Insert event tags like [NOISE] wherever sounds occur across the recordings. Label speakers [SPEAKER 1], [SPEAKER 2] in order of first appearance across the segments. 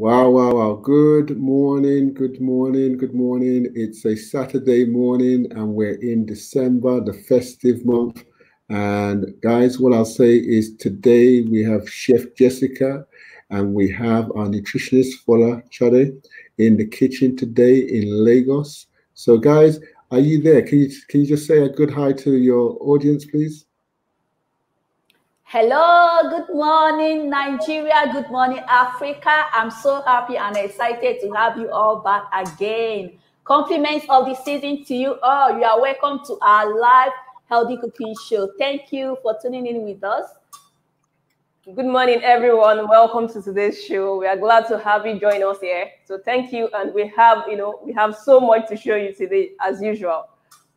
[SPEAKER 1] Wow, wow, wow. Good morning, good morning, good morning. It's a Saturday morning and we're in December, the festive month. And guys, what I'll say is today we have Chef Jessica and we have our nutritionist Fola Chade in the kitchen today in Lagos. So guys, are you there? Can you can you just say a good hi to your audience, please?
[SPEAKER 2] Hello, good morning, Nigeria. Good morning, Africa. I'm so happy and excited to have you all back again. Compliments of the season to you all. You are welcome to our live healthy cooking show. Thank you for tuning in with us. Good morning, everyone. Welcome to today's show. We are glad to have you join us here. So thank you, and we have, you know, we have so much to show you today, as usual.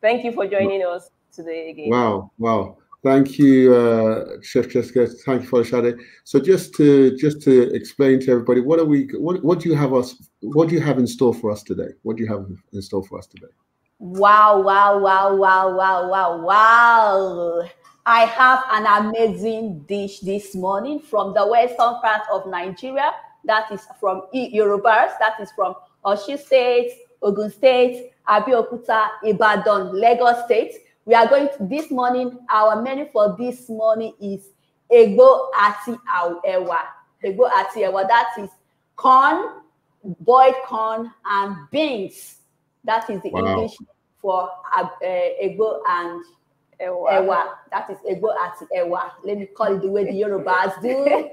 [SPEAKER 2] Thank you for joining us today again. Wow,
[SPEAKER 1] wow. Thank you, uh, Chef Jessica. Thank you, Folashade. So just to just to explain to everybody, what are we? What what do you have us? What do you have in store for us today? What do you have in store for us today?
[SPEAKER 2] Wow! Wow! Wow! Wow! Wow! Wow! Wow! I have an amazing dish this morning from the western part of Nigeria. That is from Yorubas. That is from Osun State, Ogun State, Abeokuta, Ibadan, Lagos State. We are going to, this morning, our menu for this morning is Ego Ati awewa. Ego Ati awewa. that is corn, boiled corn, and beans. That is the wow. English for uh, eh, Ego and Ewa. Ewa. That is Ego Ati Ewa. Let me call it the way the Yorubas do.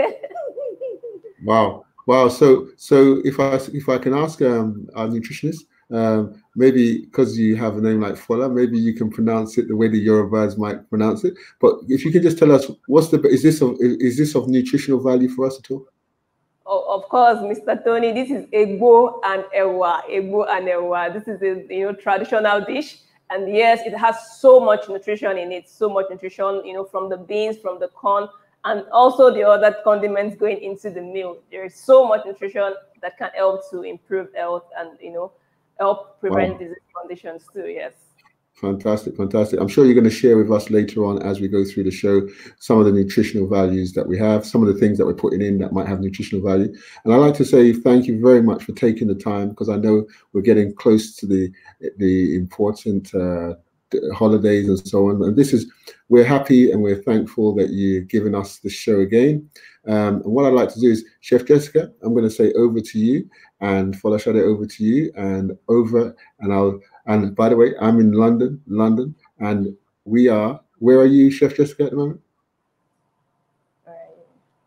[SPEAKER 1] wow. Wow. So, so if I if I can ask um, our nutritionist, um, maybe because you have a name like Fola, maybe you can pronounce it the way the Yorubas might pronounce it. But if you can just tell us, what's the is this of, is this of nutritional value for us at all?
[SPEAKER 2] Oh, of course, Mr. Tony, this is ego and ewa, ego and ewa. This is a you know traditional dish, and yes, it has so much nutrition in it, so much nutrition, you know, from the beans, from the corn, and also the other condiments going into the meal. There is so much nutrition that can help to improve health and you know help prevent wow. disease conditions too. Yes.
[SPEAKER 1] Fantastic, fantastic. I'm sure you're going to share with us later on as we go through the show some of the nutritional values that we have, some of the things that we're putting in that might have nutritional value. And I'd like to say thank you very much for taking the time because I know we're getting close to the the important uh, holidays and so on. And this is, we're happy and we're thankful that you've given us the show again. Um, and what I'd like to do is, Chef Jessica, I'm going to say over to you, and Fola Shade, over to you. And over, and I'll, and by the way, I'm in London, London, and we are, where are you, Chef Jessica, at the moment?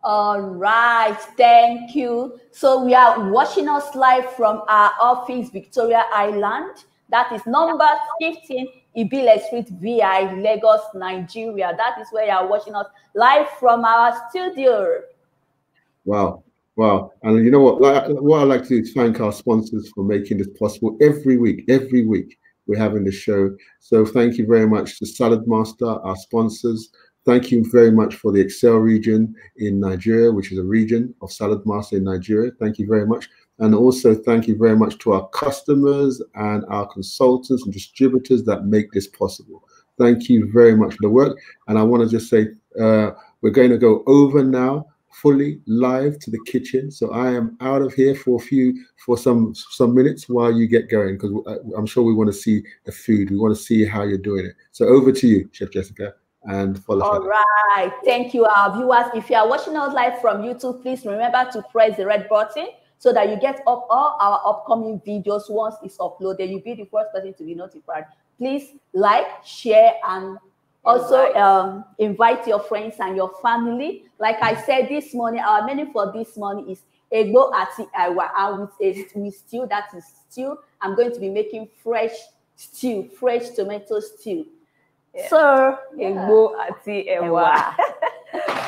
[SPEAKER 2] All right, thank you. So we are watching us live from our office, Victoria Island. That is number 15, Ibile Street, VI, Lagos, Nigeria. That is where you are watching us live from our studio.
[SPEAKER 1] Wow, Wow. And you know what? Like, what I like to do is thank our sponsors for making this possible every week. Every week we're having the show. So thank you very much to Salad Master, our sponsors. Thank you very much for the Excel region in Nigeria, which is a region of Salad Master in Nigeria. Thank you very much. And also thank you very much to our customers and our consultants and distributors that make this possible. Thank you very much for the work. And I want to just say uh, we're going to go over now fully live to the kitchen. So I am out of here for a few, for some some minutes while you get going, because uh, I'm sure we want to see the food. We want to see how you're doing it. So over to you, Chef Jessica. And follow All
[SPEAKER 2] right. Thank you, our viewers. If you are watching us live from YouTube, please remember to press the red button so that you get up all our upcoming videos once it's uploaded. You'll be the first person to be notified. Please like, share, and also, um, invite your friends and your family. Like I said this morning, our menu for this morning is Ego Ati Iwa with a with stew. That is stew. I'm going to be making fresh stew, fresh tomato stew. Yeah. So, Ego Ati Ewa.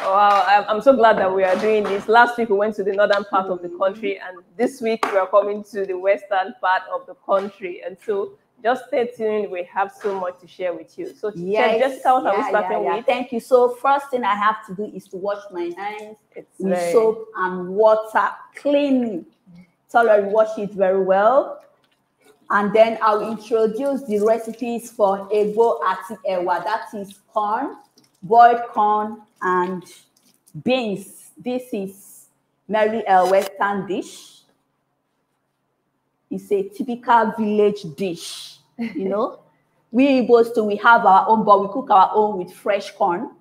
[SPEAKER 2] wow, I'm, so glad that we are doing this. Last week we went to the northern part of the mm. country, and this week we are coming to the western part of the country. And so just stay tuned. We have so much to share with you. So yes, just tell us yeah, we starting yeah, yeah. with. Thank you. So first thing I have to do is to wash my hands it's with very... soap and water cleanly. Thoroughly wash it very well. And then I'll introduce the recipes for ego ati ewa. That is corn, boiled corn, and beans. This is Mary L. Western dish. It's a typical village dish, you know. [LAUGHS] we both to we have our own, but we cook our own with fresh corn.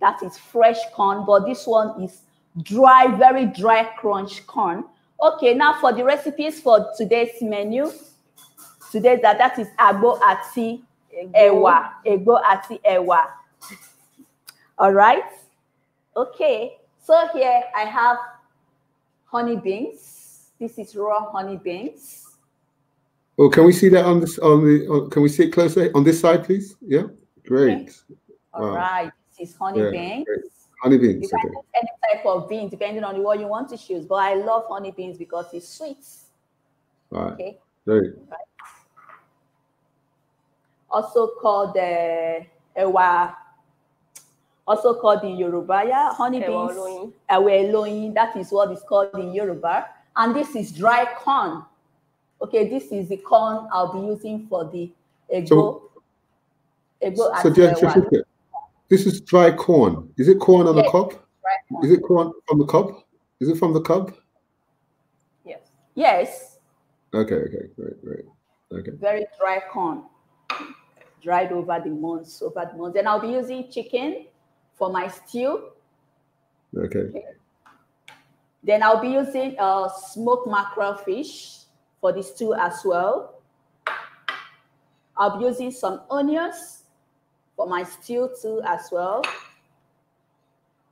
[SPEAKER 2] That is fresh corn, but this one is dry, very dry crunch corn. Okay, now for the recipes for today's menu. Today that that is agbo ati ewa, agbo ati ewa. All right. Okay. So here I have honey beans. This is raw honey beans.
[SPEAKER 1] Oh, can we see that on this on the on, can we see it closer on this side, please? Yeah, great. Okay. All wow.
[SPEAKER 2] right, this is honey yeah, beans. Great. Honey beans. You can okay. any type of bean depending on what you want to choose, but I love honey beans because it's sweet.
[SPEAKER 1] Okay. Great.
[SPEAKER 2] Right. Also called the uh, ewa. Also called in Yoruba, yeah, honey beans. Ewa loing. That is what is called in Yoruba and this is dry corn. Okay, this is the corn I'll be using for the ego. So, ego so dear,
[SPEAKER 1] this is dry corn. Is it corn on yes, the cob? Is it corn from the cob? Is it from the cob?
[SPEAKER 2] Yes. Yes.
[SPEAKER 1] Okay, okay, Great. Great. Okay.
[SPEAKER 2] Very dry corn. Dried over the months, over the months. And I'll be using chicken for my stew. Okay. okay. Then I'll be using uh, smoked mackerel fish for this stew as well. I'll be using some onions for my stew too as well.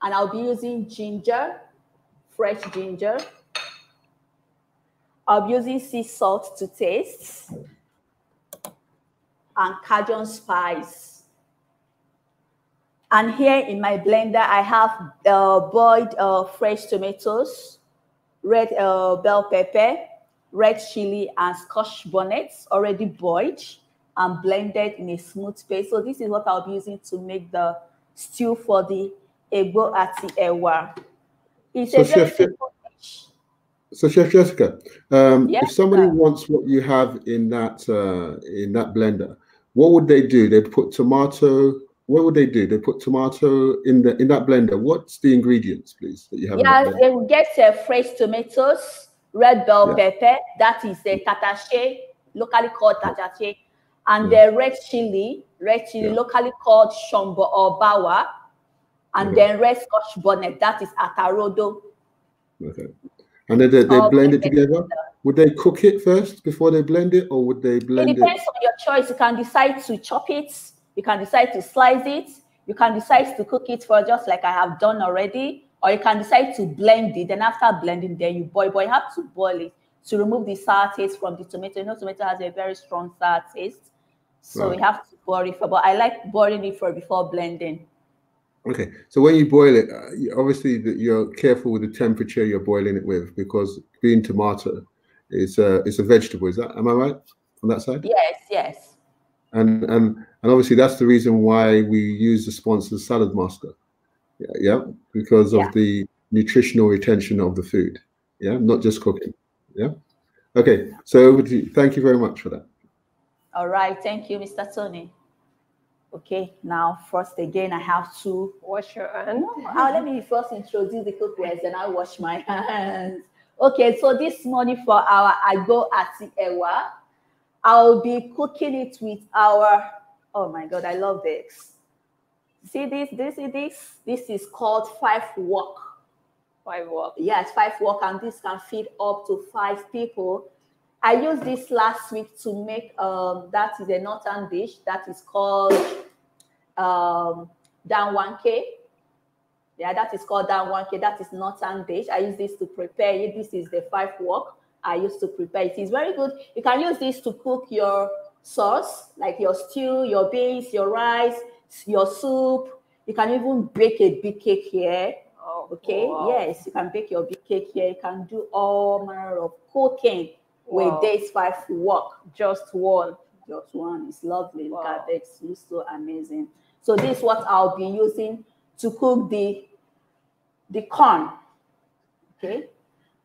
[SPEAKER 2] And I'll be using ginger, fresh ginger. I'll be using sea salt to taste and Cajun spice and here in my blender, I have uh, boiled uh, fresh tomatoes, red uh, bell pepper, red chili, and scotch bonnets already boiled and blended in a smooth paste. So this is what I'll be using to make the stew for the Ebo Ati Ewa. It's so a Chef,
[SPEAKER 1] so Chef Jessica, um, yes, if somebody sir. wants what you have in that uh, in that blender, what would they do? They'd put tomato, what would they do? They put tomato in the in that blender. What's the ingredients, please, that you have? Yeah, they
[SPEAKER 2] will get uh, fresh tomatoes, red bell yeah. pepper. That is the uh, tatache, locally called tatache, and yeah. the uh, red chili, red chili, yeah. locally called shombo or bawa, and okay. then red scotch bonnet. That is atarodo.
[SPEAKER 1] Okay. And then they, they blend it together. Would they cook it first before they blend it, or would they blend it? It depends
[SPEAKER 2] on your choice. You can decide to chop it you can decide to slice it. You can decide to cook it for just like I have done already. Or you can decide to blend it. Then after blending, then you boil. But you have to boil it to remove the sour taste from the tomato. You know, tomato has a very strong sour taste.
[SPEAKER 1] So right. you have
[SPEAKER 2] to boil it for. But I like boiling it for before blending.
[SPEAKER 1] Okay, so when you boil it, uh, obviously you're careful with the temperature you're boiling it with because green tomato is a, uh, it's a vegetable. Is that am I right on that side?
[SPEAKER 2] Yes, yes.
[SPEAKER 1] And and and obviously, that's the reason why we use the sponsor Salad Master. Yeah, yeah because of yeah. the nutritional retention of the food. Yeah, not just cooking. Yeah. Okay. So thank you very much for that.
[SPEAKER 2] All right. Thank you, Mr. Tony. Okay, now first again, I have to wash your hands. Oh, ah, let me first introduce the cookwares and I wash my [LAUGHS] hands. Okay, so this morning for our I go at the Ewa, I'll be cooking it with our Oh my God, I love this. See this, this, this. This is called five walk. Five walk. Yes, five walk, and this can feed up to five people. I used this last week to make um, that is a northern dish that is called um, down one k. Yeah, that is called down one k. That is northern dish. I use this to prepare it. This is the five walk. I used to prepare it. It's very good. You can use this to cook your sauce, like your stew, your beans, your rice, your soup. You can even bake a big cake here. Oh, okay, wow. yes, you can bake your big cake here. You can do all manner of cooking
[SPEAKER 1] wow. with this
[SPEAKER 2] five work. Just one, just one. It's lovely. Wow. Look at that. It's so amazing. So this is what I'll be using to cook the the corn. Okay,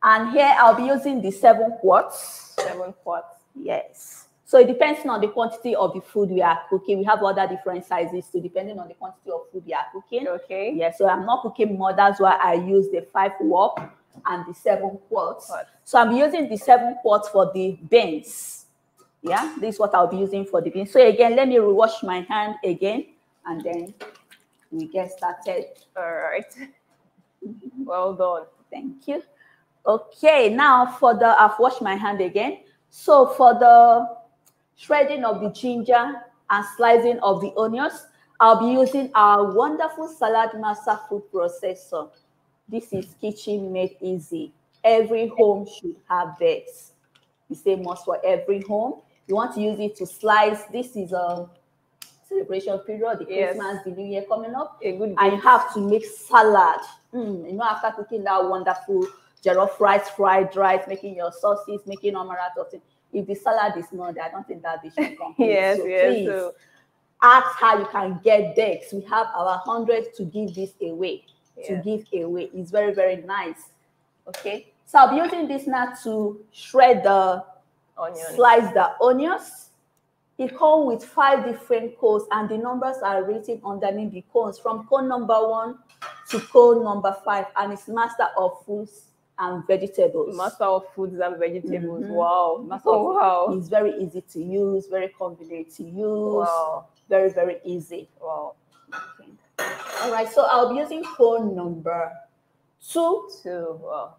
[SPEAKER 2] and here I'll be using the seven quarts. Seven quarts. Yes. So it depends on the quantity of the food we are cooking. We have other different sizes too, depending on the quantity of food we are cooking. Okay. Yeah, so I'm not cooking more. That's why I use the five wok and the seven quarts. So I'm using the seven quarts for the beans. Yeah, this is what I'll be using for the beans. So again, let me rewash my hand again, and then we get started. All right. [LAUGHS] Well done. Thank you. Okay, now for the, I've washed my hand again. So for the shredding of the ginger, and slicing of the onions. I'll be using our wonderful Salad Master food processor. This is kitchen made easy. Every home should have this. You say must for every home. You want to use it to slice. This is a celebration period, the yes. Christmas, the New Year coming up. A good I have to make salad. Mm, you know, after cooking that wonderful jollof rice, fried rice, making your sauces, making amaretto, if the salad is not there, I don't think that they should come. [LAUGHS] yes, so yes. Please so. ask how you can get decks. We have our hundred to give this away. Yeah. To give away. It's very, very nice. Okay. So I'll be using this now to shred the onions. slice the onions. It comes with five different codes, and the numbers are written underneath the cones from code number one to code number five, and it's master of foods and vegetables. Master of foods and vegetables. Mm-hmm. Wow. Master oh, wow. It's very easy to use, very convenient to use. Wow. Very, very easy. Wow. Okay. All right. So I'll be using phone number two. Two. Wow.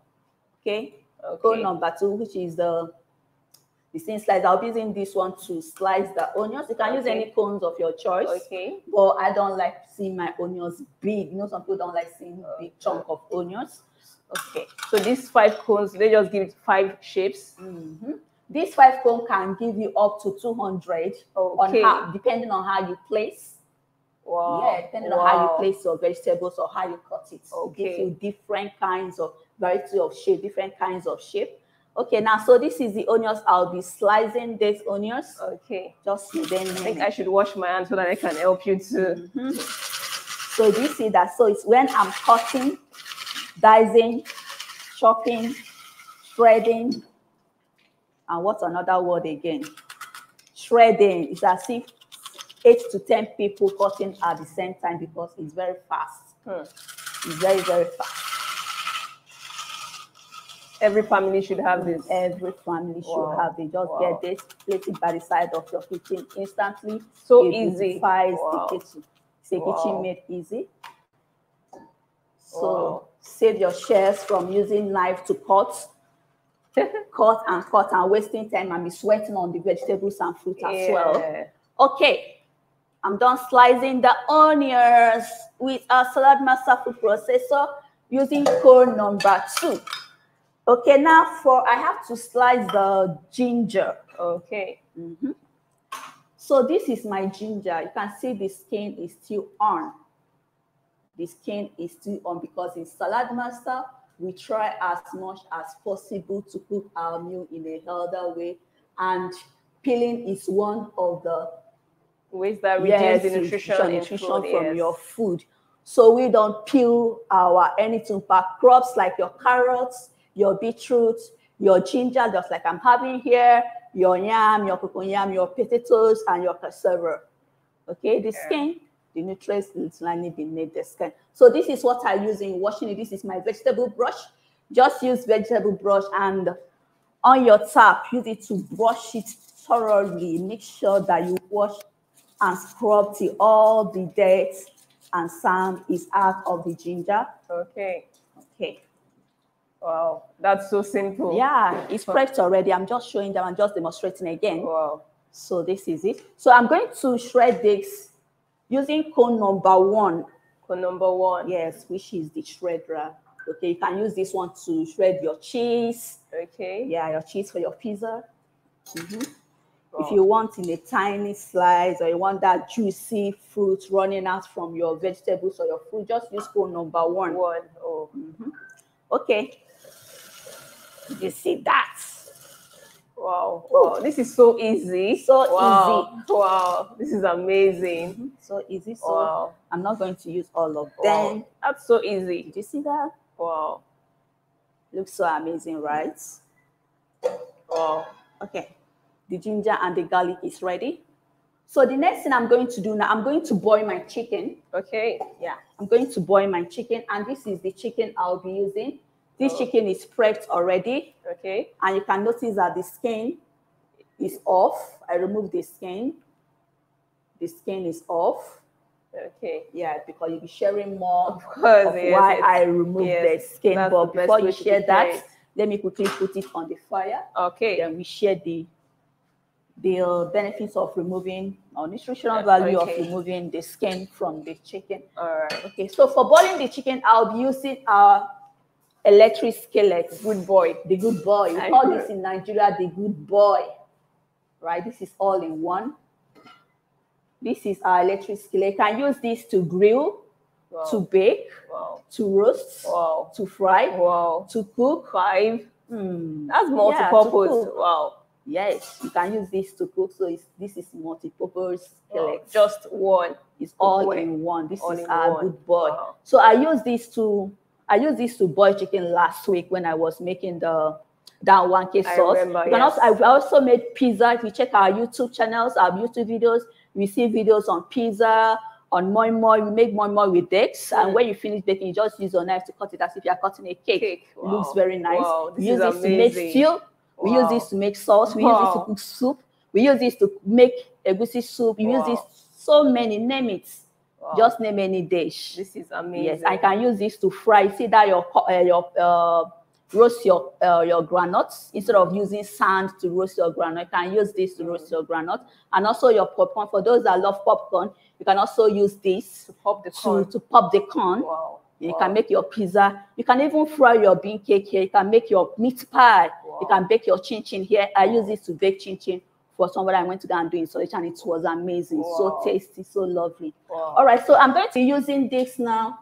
[SPEAKER 2] Okay. okay. Phone number two, which is the the same slice. I'll be using this one to slice the onions. You can okay. use any cones of your choice. Okay. But I don't like seeing my onions big. You know, some people don't like seeing big chunk of onions. Okay. So these five cones, they just give it five shapes. Mm -hmm. This five cone can give you up to 200 okay. on how, depending on how you place. Wow. Yeah, depending wow. on how you place your vegetables or how you cut it. Okay. It gives you different kinds of variety of shape, different kinds of shape. Okay, now so this is the onions. I'll be slicing these onions. Okay. Just then. I think I should wash my hands so that I can help you too. Mm -hmm. So do you see that? So it's when I'm cutting dicing, chopping, shredding, and what's another word again? Shredding. It's as if eight to 10 people cutting at the same time because it's very fast. Hmm. It's very, very fast. Every family should have this. Every family wow. should have it. Just wow. get this, place it by the side of your kitchen instantly. So it easy. Wow. the kitchen. It's a kitchen made easy. So save your shares from using knife to cut, [LAUGHS] cut and cut and wasting time and be sweating on the vegetables and fruit yeah. as well. Okay, I'm done slicing the onions with our salad master food processor using cone number two. Okay, now for I have to slice the ginger. Okay. Mm -hmm. So this is my ginger. You can see the skin is still on the skin is still on because in Salad Master, we try as much as possible to cook our meal in a healthier way. And peeling is one of the ways that reduce yes, the nutrition, nutrition food, from yes. your food. So we don't peel our anything but crops like your carrots, your beetroot, your ginger, just like I'm having here, your yam, your cocoyam, your potatoes, and your cassava. Okay, the yeah. skin the nutrients literally beneath the skin. So this is what I use in washing it. This is my vegetable brush. Just use vegetable brush and on your tap, use it to brush it thoroughly. Make sure that you wash and scrub till all the dirt and sand is out of the ginger. Okay. Okay. Wow, that's so simple. Yeah, it's prepped already. I'm just showing them. I'm just demonstrating again. Wow. So this is it. So I'm going to shred this using cone number one. Cone number one. Yes, which is the shredder. Okay, you can use this one to shred your cheese. Okay. Yeah, your cheese for your pizza. Mm -hmm. If you want in a tiny slice or you want that juicy fruit running out from your vegetables or your fruit, just use cone number one. One. Oh. Mm -hmm. Okay. You see that? Wow, wow, this is so easy. So wow. easy. Wow, this is amazing. Mm-hmm. So easy. So wow. I'm not going to use all of them. Wow. That's so easy. Did you see that? Wow. Looks so amazing, right? Wow. Okay. The ginger and the garlic is ready. So the next thing I'm going to do now, I'm going to boil my chicken. Okay. Yeah, I'm going to boil my chicken. And this is the chicken I'll be using. This oh. chicken is prepped already. Okay. And you can notice that the skin is off. I remove the skin. The skin is off. Okay. Yeah, because you'll be sharing more of, course, of yes, why I removed yes, the skin. But the before you share that, let me quickly put it on the fire. Okay. Then we share the the benefits of removing or nutritional value okay. of removing the skin from the chicken. All right. Okay. So for boiling the chicken, I'll be using our electric skillet, good boy, the good boy. We call this in Nigeria the good boy, right? This is all in one. This is our electric skillet. Can use this to grill, wow. to bake, wow. to roast, wow. to fry, to cook. Five. Mm. That's multi-purpose. Yeah, wow. Yes, you can use this to cook. So this is multi-purpose skillet. Just one. It's all in one. This all is our one. good boy. So I use this to I used this to boil chicken last week when I was making the down one k sauce. Remember, yes. also, i also made pizza. If you check our YouTube channels, our YouTube videos, we see videos on pizza, on more and more. We make more and more with dates, mm. and when you finish baking, you just use your knife to cut it as if you are cutting a cake. cake. Wow. Looks very nice. Wow, we use this amazing. to make stew. We use this to make sauce. We use this to cook soup. We use this to make egusi soup. We use this so many name it. Wow. Just name any dish. This is amazing. Yes, I can use this to fry. See that your uh, your uh, roast your uh, your granuts instead of using sand to roast your granite. You can use this to mm-hmm. roast your granite, and also your popcorn. For those that love popcorn, you can also use this to pop the corn. To, pop the corn. Wow. You wow. can make your pizza. You can even fry your bean cake here. You can make your meat pie. Wow. You can bake your chin chin here. I use this to bake chin chin for somebody. I went to go and do installation. It was amazing, wow. so tasty, so lovely. Wow. All right, so I'm going to be using this now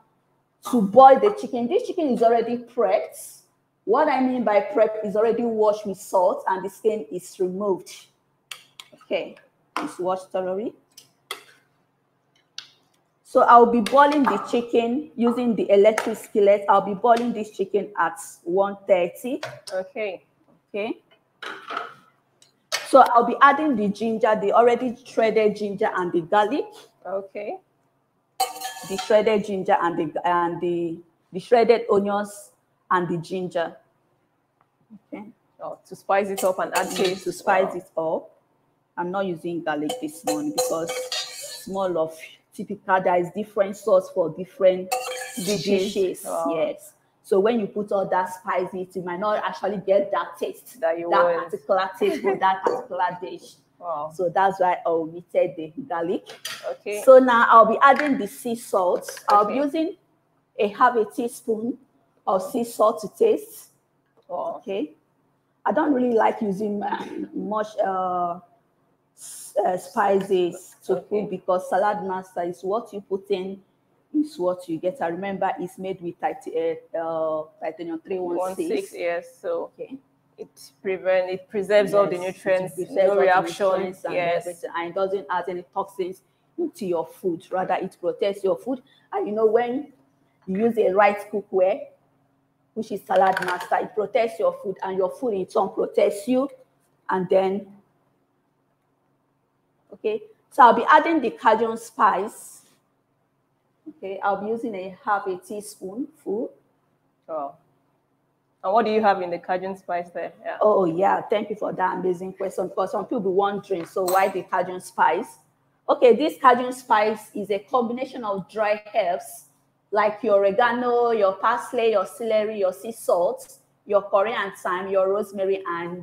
[SPEAKER 2] to boil the chicken. This chicken is already prepped. What I mean by prep is already washed with salt and the skin is removed. Okay, it's washed thoroughly. So I'll be boiling the chicken using the electric skillet. I'll be boiling this chicken at 130. Okay. Okay. So I'll be adding the ginger, the already shredded ginger and the garlic. Okay. The shredded ginger and the and the, the shredded onions and the ginger. Okay. Oh, to spice it up and add mm-hmm. taste. To spice wow. it up. I'm not using garlic this one because small of typical there is different sauce for different dishes. Wow. Yes. So when you put all that spices, you might not actually get that taste that you that particular taste for that particular dish. Wow. So that's why I omitted the garlic. Okay. So now I'll be adding the sea salt. Okay. I'll be using a half a teaspoon of sea salt to taste. Wow. Okay. I don't really like using much uh, uh, spices to okay. cook because salad master is what you put in is what you get. I remember it's made with titanium eh, uh, titanium 316. Yes, so okay. it prevent it preserves yes, all the nutrients, no reactions, yes, everything. and it doesn't add any toxins into your food. Rather, it protects your food. And you know when you use a right cookware, which is Salad Master, it protects your food, and your food in turn protects you. And then, okay, so I'll be adding the Cajun spice Okay, I'll be using a half a teaspoon full. Oh. And what do you have in the Cajun spice there? Yeah. Oh, oh, yeah. Thank you for that amazing question. Because some people be wondering, so why the Cajun spice? Okay, this Cajun spice is a combination of dry herbs like your oregano, your parsley, your celery, your sea salt, your Korean thyme, your rosemary, and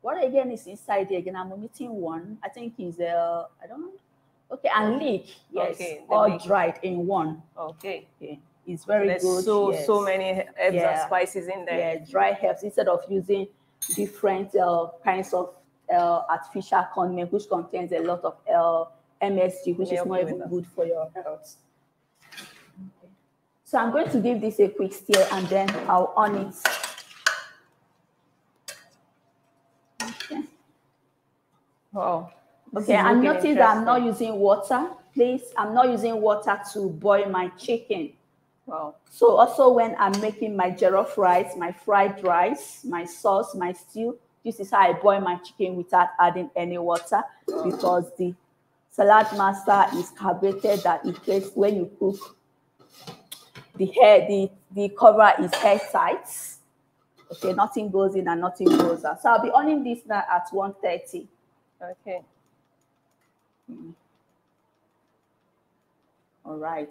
[SPEAKER 2] what again is inside the Again, I'm omitting one. I think is, a uh, don't know, Okay, and leek, yes, okay, all leek. dried in one. Okay. okay. It's very There's good. So yes. so many herbs yeah. and spices in there. Yeah, dry herbs instead of using different uh, kinds of uh, artificial condiment which contains a lot of uh, MSG, which yeah, is not even good for your health. So I'm going to give this a quick stir and then I'll on it. Okay. Wow. Okay, I noticed that I'm not using water. Please, I'm not using water to boil my chicken. Wow. So also when I'm making my jollof rice, my fried rice, my sauce, my stew, this is how I boil my chicken without adding any water because the salad master is carbonated that in case when you cook, the hair, the, the cover is hair tight. Okay, nothing goes in and nothing goes out. So I'll be on in this now at 1.30. Okay. Mm. All right.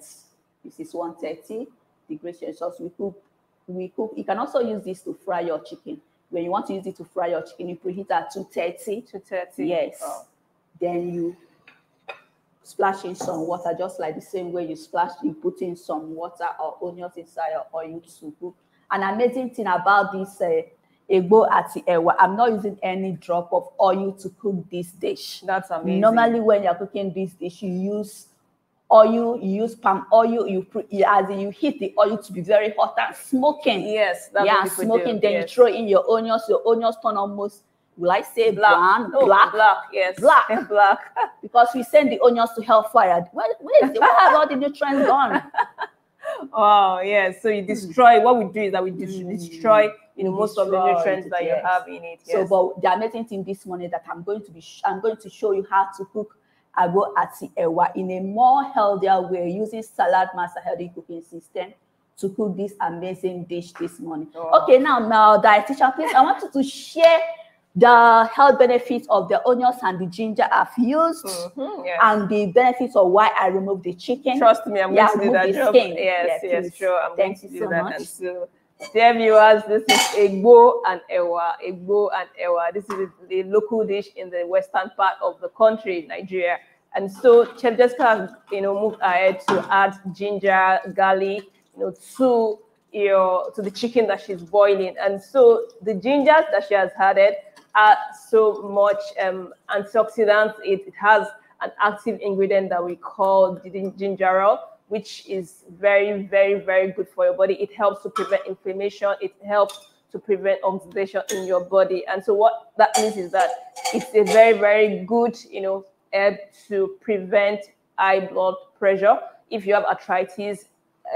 [SPEAKER 2] This is 130 degrees Celsius. We cook, we cook. You can also use this to fry your chicken. When you want to use it to fry your chicken, you preheat at 230. 230. Yes. Oh. Then you splash in some water, just like the same way you splash, you put in some water or onions inside or oil to cook. An amazing thing about this uh, egbo ati ewa. I'm not using any drop of oil to cook this dish. That's amazing. Normally, when you're cooking this dish, you use oil, you use palm oil, you as you heat the oil to be very hot and smoking. Yes, that's yeah, smoking. Do. Then yes. you throw in your onions. Your onions turn almost. Will I say black? Brown, no, oh, black, black, yes, black, [LAUGHS] black. because we send the onions to hellfire. Where, where is the, where have all the nutrients gone? [LAUGHS] wow, oh, yeah. So you hmm. destroy what we do is that we hmm. destroy you know most of the nutrients that yes. you have in it. Yes. So, but the amazing thing this morning that I'm going to be I'm going to show you how to cook agbo ati ewa in a more healthier way using salad master healthy cooking system to cook this amazing dish this morning. Oh. Okay, now now dietitian, please I want you to share the health benefits of the onions and the ginger are fused, used, mm-hmm, yes. and the benefits of why I removed the chicken. Trust me, I'm yeah, going to do that job. Yes, yeah, yes, sure. I'm Thank going to do so that. Much. And so, dear viewers, this is Egbo and Ewa. Egbo and Ewa. This is the local dish in the western part of the country, Nigeria. And so, Chef Jessica has, you know, moved ahead to add ginger, garlic, you know, to your to the chicken that she's boiling. And so, the gingers that she has added are so much um, antioxidants. It, it, has an active ingredient that we call gingerol, which is very, very, very good for your body. It helps to prevent inflammation. It helps to prevent oxidation in your body. And so what that means is that it's a very, very good, you know, herb to prevent high blood pressure. If you have arthritis,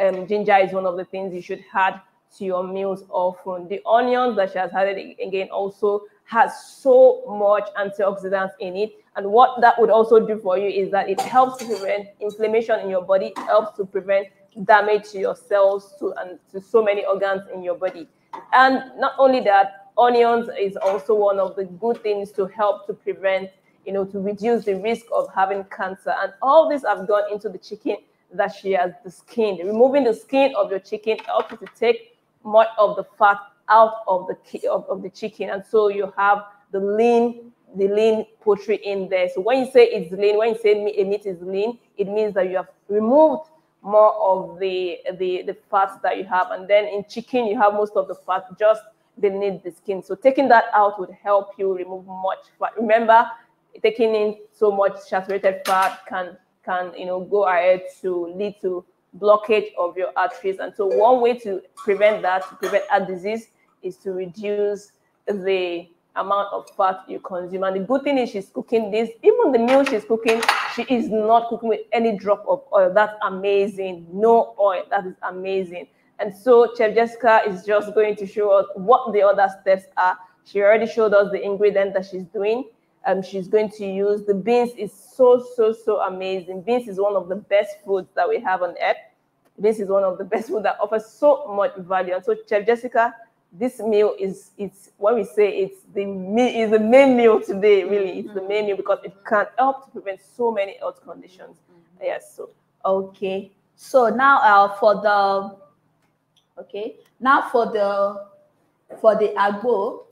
[SPEAKER 2] um, ginger is one of the things you should add to your meals often. The onions that she has added again also has so much antioxidants in it. And what that would also do for you is that it helps to prevent inflammation in your body, helps to prevent damage to your cells to, and to so many organs in your body. And not only that, onions is also one of the good things to help to prevent, you know, to reduce the risk of having cancer. And all this I've gone into the chicken that she has the skin. Removing the skin of your chicken helps you to take much of the fat out of the of, of the chicken, and so you have the lean the lean poultry in there. So when you say it's lean, when you say a meat is lean, it means that you have removed more of the the the fats that you have, and then in chicken you have most of the fat just beneath the skin. So taking that out would help you remove much fat. Remember, taking in so much saturated fat can can you know go ahead to lead to blockage of your arteries. And so one way to prevent that, to prevent heart disease, is to reduce the amount of fat you consume. And the good thing is she's cooking this, even the meal she's cooking, she is not cooking with any drop of oil. That's amazing. No oil. That is amazing. And so Chef Jessica is just going to show us what the other steps are. She already showed us the ingredient that she's doing. Um, she's going to use the beans is so, so, so amazing. Beans is one of the best foods that we have on earth. Beans is one of the best food that offers so much value. And so Chef Jessica this meal is it's what we say it's the meal is the main meal today really it's mm-hmm. the main meal because it can help to prevent so many health conditions mm-hmm. yes so okay so now uh, for the okay now for the for the agbo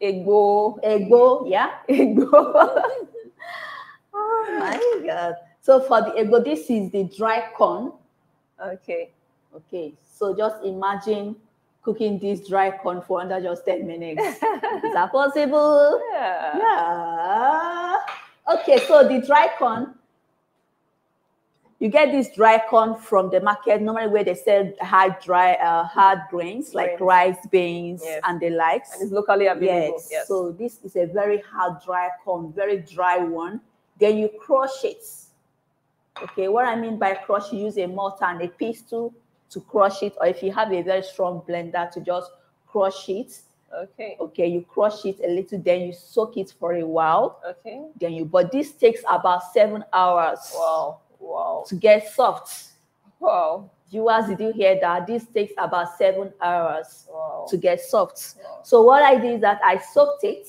[SPEAKER 2] ego ego yeah [LAUGHS] ego [LAUGHS] oh my god so for the ego this is the dry corn okay okay so just imagine cooking this dry corn for under just 10 minutes. [LAUGHS] Is that possible? Yeah. yeah. Okay, so the dry corn, you get this dry corn from the market, normally where they sell hard dry uh, hard grains, grains. like rice, beans, yes. and the likes. And it's locally available. Yes. yes. So this is a very hard dry corn, very dry one. Then you crush it. Okay, what I mean by crush, you use a mortar and a pestle to crush it, or if you have a very strong blender to just crush it. Okay. Okay, you crush it a little, then you soak it for a while. Okay. Then you, but this takes about seven hours. Wow. Wow. To get soft. Wow. Viewers, did you hear that? This takes about seven hours wow. to get soft. Wow. So what I did is that I soaked it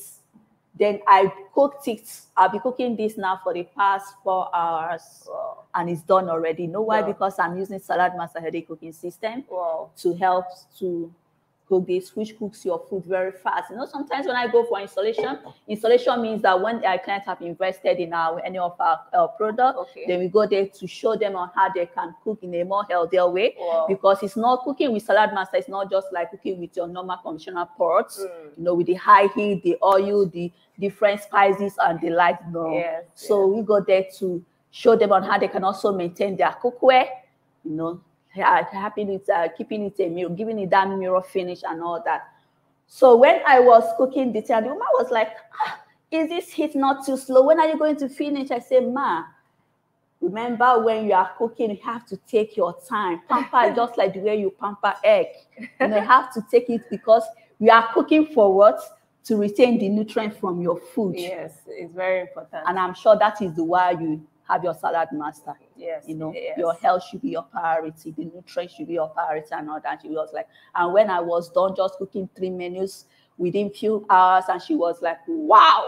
[SPEAKER 2] then I cooked it. I'll be cooking this now for the past four hours, wow. and it's done already. You know why? Wow. Because I'm using Salad Master Headache cooking system wow. to help to cook this, which cooks your food very fast. You know, sometimes when I go for installation, installation means that when our clients have invested in our any of our uh, product, okay. then we go there to show them on how they can cook in a more healthier way. Wow. Because it's not cooking with salad master, it's not just like cooking with your normal conventional pots, mm. you know, with the high heat, the oil, the different spices and the like. no. Yes, so yes. we go there to show them on how they can also maintain their cookware, you know, happy it, uh, keeping it a meal, giving it that mirror finish and all that. So when I was cooking the tea, the woman was like, ah, is this heat not too slow? When are you going to finish? I said, ma, remember when you are cooking, you have to take your time. Pamper [LAUGHS] just like the way you pamper egg. And you have to take it because we are cooking for what? To retain the nutrient from your food. Yes, it's very important. And I'm sure that is the why you have your salad master. Yes. You know, yes. your health should be your priority, the nutrients should be your priority, and all that. She was like, and when I was done just cooking three menus within few hours, and she was like, wow,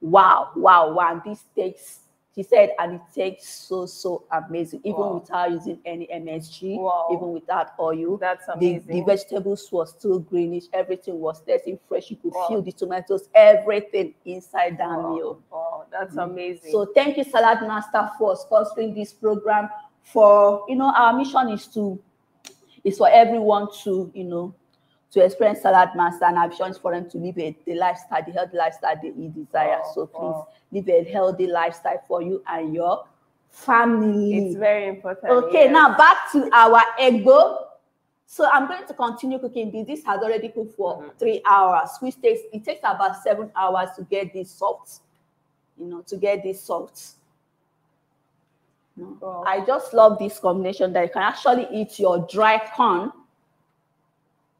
[SPEAKER 2] wow, wow, wow. And this takes she said, and it takes so, so amazing, even wow. without using any MSG, wow. even without oil. That's amazing. The, the, vegetables were still greenish. Everything was tasting fresh. You could wow. feel the tomatoes, everything inside that meal. Wow, that's mm. amazing. So thank you, Salad Master, for sponsoring this program. For, you know, our mission is to, is for everyone to, you know, to experience salad master and options for them to live a, the lifestyle, the healthy lifestyle that desire. Wow, so wow. please live a healthy lifestyle for you and your family. It's very important. Okay, yes. now back to our egg bowl. So I'm going to continue cooking this. This has already cooked for mm-hmm. three hours, which takes it takes about seven hours to get this soft, you know, to get this soft. I just love this combination that you can actually eat your dry corn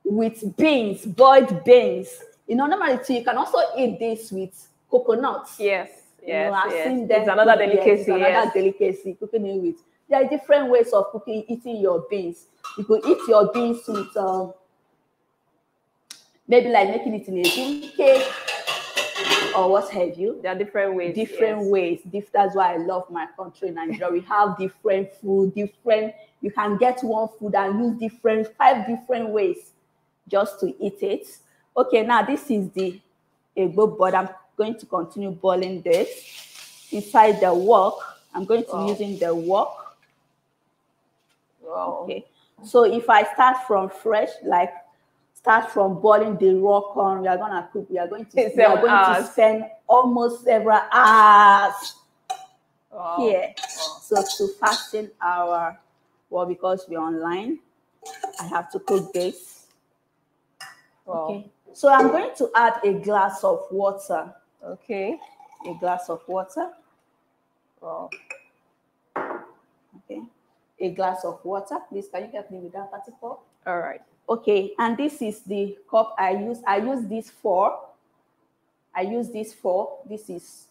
[SPEAKER 2] with beans, boiled beans. You know, normally too, you can also eat this with coconuts. Yes, yes, you know, I've yes. Seen them it's another delicacy. Yes, another yes. delicacy, cooking it with. There are different ways of cooking, eating your beans. You could eat your beans with um, maybe like making it in a bean cake or what have you. There are different ways. Different yes. ways. that's why I love my country, Nigeria. we have different food, different. You can get one food and use different five different ways just to eat it. Okay, now this is the egbo board. I'm going to continue boiling this. Inside the wok, I'm going to wow. using the wok. Wow. Okay. So if I start from fresh, like start from boiling the raw corn, we are gonna cook. We are going to, we are going to spend almost several hours wow. here. Wow. So to fasten our well because we're online, I have to cook this. Wow. Okay. So I'm going to add a glass of water. Okay. A glass of water. Wow. Okay. A glass of water. Please, can you help me with that particle? All right. Okay. And this is the cup I use. I use this for. I use this for. This is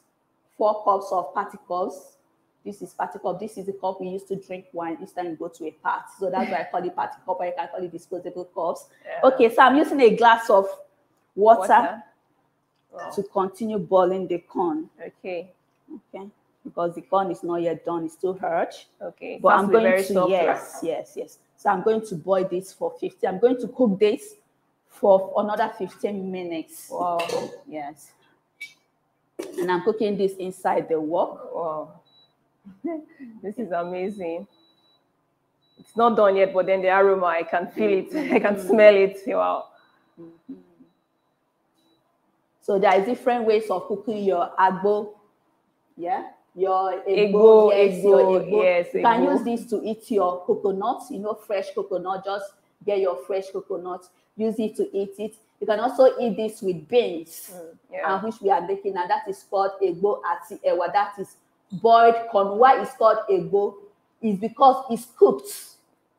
[SPEAKER 2] four cups of particles. This is party cup. This is the cup we used to drink wine each time we go to a party. So that's why I call it party cup, or you can call it disposable cups. Yeah. Okay, so I'm using a glass of water, water. Wow. to continue boiling the corn. Okay. Okay. Because the corn is not yet done, it's still hard. Okay. But Sounds I'm going to, soft, yes, right? yes, yes. So I'm going to boil this for 50. I'm going to cook this for another 15 minutes. Wow. Yes. And I'm cooking this inside the wok. Wow. [LAUGHS] this is amazing. It's not done yet, but then the aroma, I can feel it, [LAUGHS] I can smell it. Wow. Mm-hmm. So are different ways of cooking your agbo. Yeah. Your ego, yes, your yes. You can use this to eat your coconut, you know, fresh coconut. Just get your fresh coconut, use it to eat it. You can also eat this with beans, mm, yeah. uh, which we are making, and that is called ego ati ewa. That is boiled corn. Why it's called ego is because it's cooked.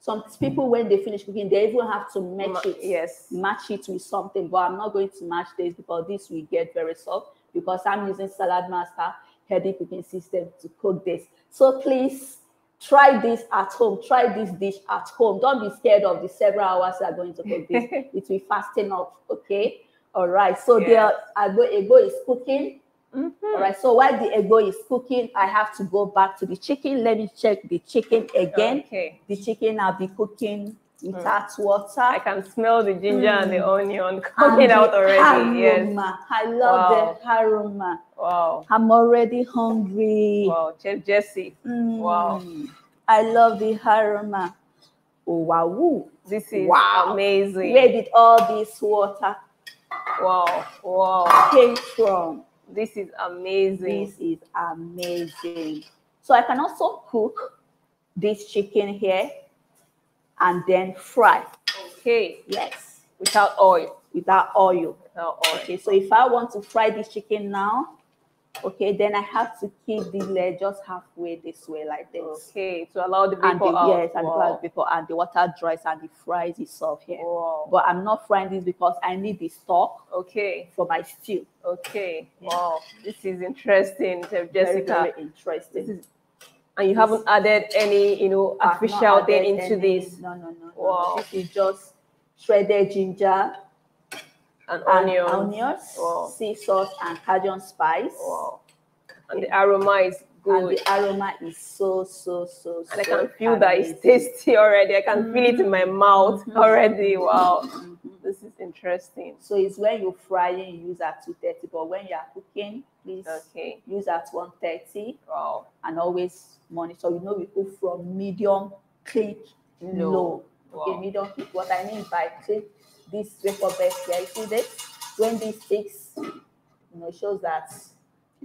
[SPEAKER 2] Some people, when they finish cooking, they even have to match it. Yes. Match it with something. But I'm not going to match this because this will get very soft because I'm using Salad Master heavy cooking system to cook this. So please try this at home. Try this dish at home. Don't be scared of the several hours you are going to cook this. [LAUGHS] it will fasten up. Okay. All right. So yes. there, Agbo Ego is cooking. Mm -hmm. All right. So while the egbo is cooking, I have to go back to the chicken. Let me check the chicken again. Okay. The chicken I'll be cooking without mm. water. I can smell the ginger mm. and the mm. onion coming out already. Haruma. Yes. I love wow. the haruma. Wow. I'm already hungry. Wow, Chef Jesse. Mm. Wow. I love the haruma. Oh, wow. This is wow. amazing. Where did all this water wow wow came from? This is amazing. This is amazing. So I can also cook this chicken here and then fry. Okay. Yes. Without oil. Without oil. Without oil. Okay, so if I want to fry this chicken now, Okay, then I have to keep the layer just halfway this way, like this. Okay, to allow the and the, Yes, and wow. the vapor and the water dries and the fries itself here. Wow. But I'm not frying this because I need the stock. Okay. For my stew. Okay. Wow, this is interesting, Chef Jessica. Very, very interesting. and you haven't added any, you know, official thing into any, this. No, no, no. Wow. No. This is just shredded ginger and, and onions wow. sea salt, and Cajun spice. Wow. And the aroma is good. And the aroma is so, so, so, and so I can feel amazing. that it's tasty already. I can mm. feel it in my mm-hmm. mouth mm-hmm. already. Wow. Mm-hmm. this is interesting. So it's when you're frying, you use at 230, but when you are cooking, please okay. use at 130. Wow. And always monitor. You know, we cook from medium, click, low. low. Wow. Okay, medium, click. What I mean by click this record best here. You see this? When this you know, it shows that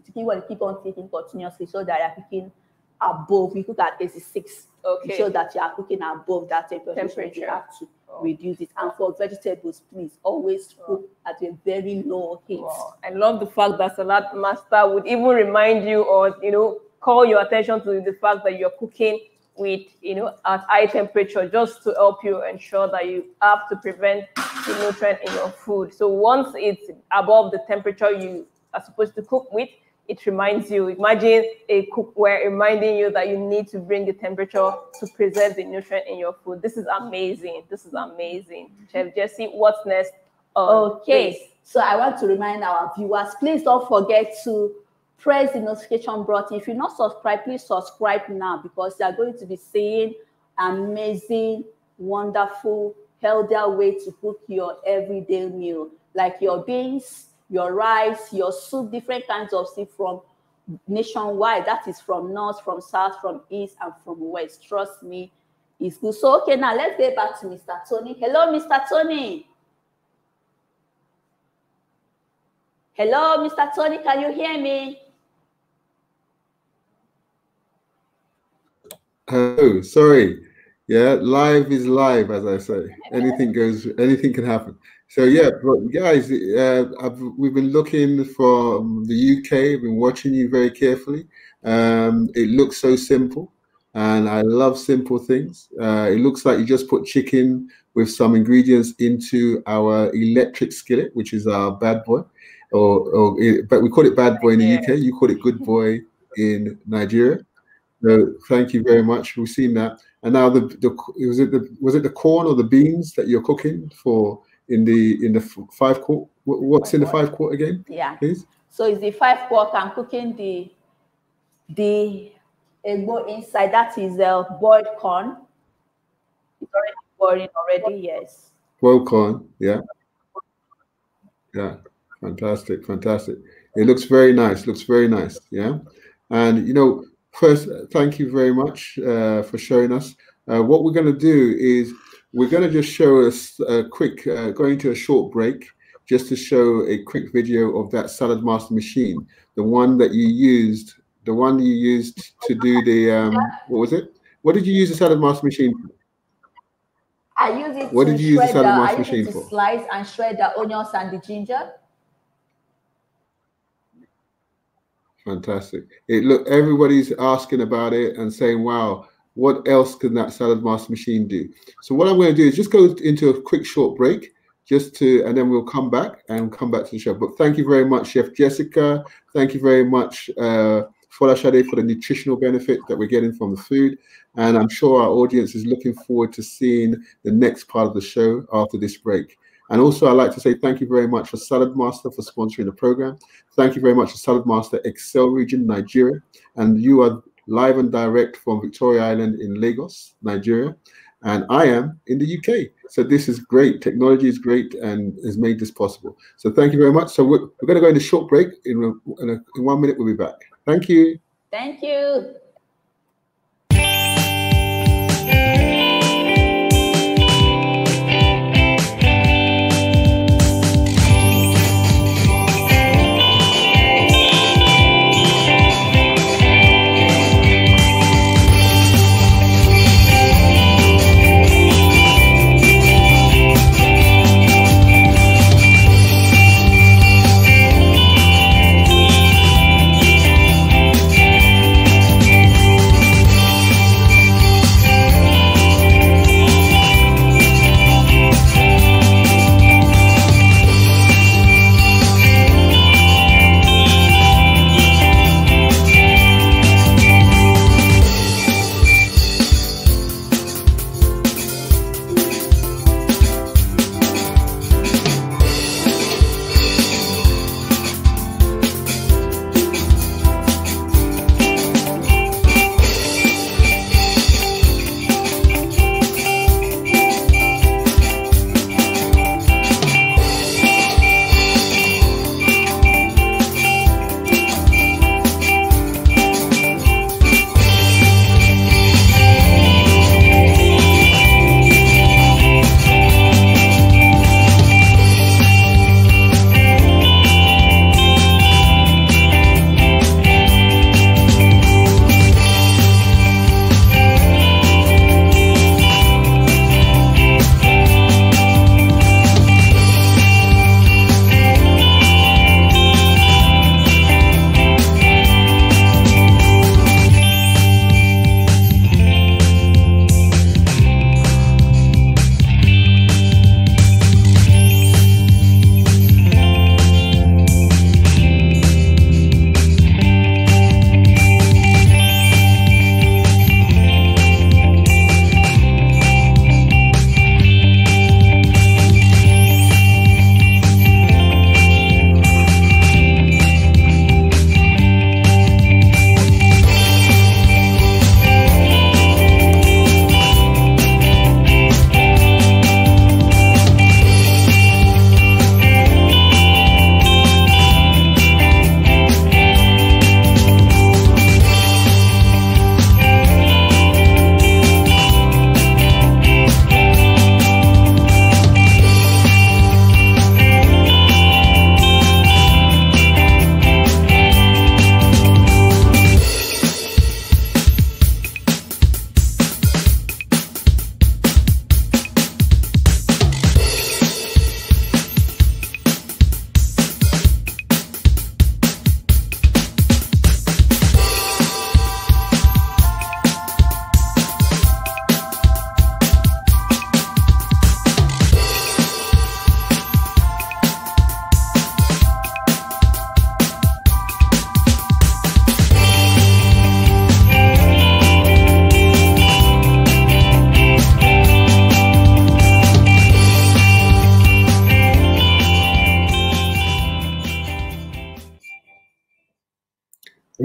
[SPEAKER 2] people want to keep on cooking continuously, so that you're cooking above. We cook at 86. Okay. It shows that you are cooking above that temperature. temperature. You have to oh. reduce it. And for vegetables, please always oh. cook oh. at a very low heat. Wow. I love the fact that salad master would even remind you or you know call your attention to the fact that you're cooking with you know at high temperature just to help you ensure that you have to prevent the nutrient in your food. So once it's above the temperature you are supposed to cook with, it reminds you. Imagine a cookware reminding you that you need to bring the temperature to preserve the nutrient in your food. This is amazing. This is amazing. Mm -hmm. Chef Jesse, what's next? okay. Please. So I want to remind our viewers, please don't forget to press the notification button. If you're not subscribed, please subscribe now because you are going to be seeing amazing, wonderful healthier way to cook your everyday meal, like your beans, your rice, your soup, different kinds of soup from nationwide. That is from north, from south, from east, and from west. Trust me, it's good. So, okay, now let's get back to Mr. Tony. Hello, Mr. Tony. Hello, Mr. Tony, can you hear me?
[SPEAKER 1] Hello, sorry. Yeah, live is live, as I say. Anything goes, anything can happen. So yeah, but guys, uh, we've been looking from the UK. we have been watching you very carefully. Um, it looks so simple, and I love simple things. Uh, it looks like you just put chicken with some ingredients into our electric skillet, which is our bad boy, or, or it, eh, but we call it bad boy in the UK. You call it good boy in Nigeria. So thank you very much. We've seen that. And now the, the was it the was it the corn or the beans that you're cooking for in the in the five quart? What's in the five quart again? Yeah, please. So
[SPEAKER 2] it's the five quart. I'm cooking the the ego inside. That is a uh, boiled corn. It's already boiling already. Yes.
[SPEAKER 1] Boiled corn. Yeah. Yeah. Fantastic. Fantastic. It looks very nice. Looks very nice. Yeah. And you know, first, uh, thank you very much uh, for showing us. Uh, what we're going to do is we're going to just show us a quick, uh, going to a short break, just to show a quick video of that Salad Master machine, the one that you used, the one you used to do the, um, what was it? What did you use the Salad Master machine for?
[SPEAKER 2] I use it what did you use the salad master machine for? slice and shred the onions and the ginger.
[SPEAKER 1] Fantastic. It look everybody's asking about it and saying, wow, what else can that salad master machine do? So what I'm going to do is just go into a quick short break just to and then we'll come back and come back to the show. But thank you very much, Chef Jessica. Thank you very much, uh for the nutritional benefit that we're getting from the food. And I'm sure our audience is looking forward to seeing the next part of the show after this break. And also, I'd like to say thank you very much for Salad Master for sponsoring the program. Thank you very much to Salad Master Excel Region, Nigeria. And you are live and direct from Victoria Island in Lagos, Nigeria. And I am in the UK. So this is great. Technology is great and has made this possible. So thank you very much. So we're, we're going to go in a short break. In, in, a, in one minute, we'll be back. Thank you.
[SPEAKER 2] Thank you.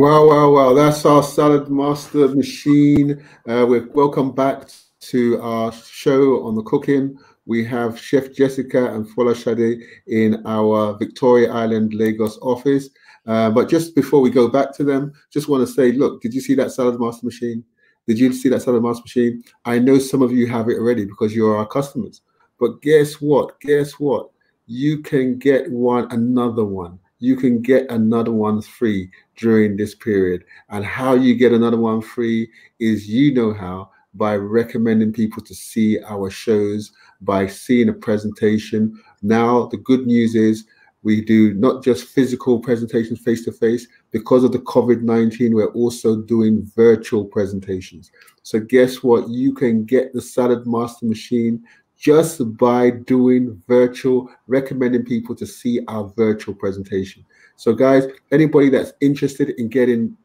[SPEAKER 1] Wow, wow, wow. That's our Salad Master machine. Uh, we're welcome back to our show on the cooking. We have Chef Jessica and Fola Shade in our Victoria Island, Lagos office. Uh, but just before we go back to them, just want to say, look, did you see that Salad Master machine? Did you see that Salad Master machine? I know some of you have it already because you're our customers. But guess what? Guess what? You can get one, another one you can get another one free during this period. And how you get another one free is you know how by recommending people to see our shows, by seeing a presentation. Now, the good news is we do not just physical presentations face to face, because of the COVID 19, we're also doing virtual presentations. So, guess what? You can get the Salad Master Machine just by doing virtual, recommending people to see our virtual presentation. So, guys, anybody that's interested in getting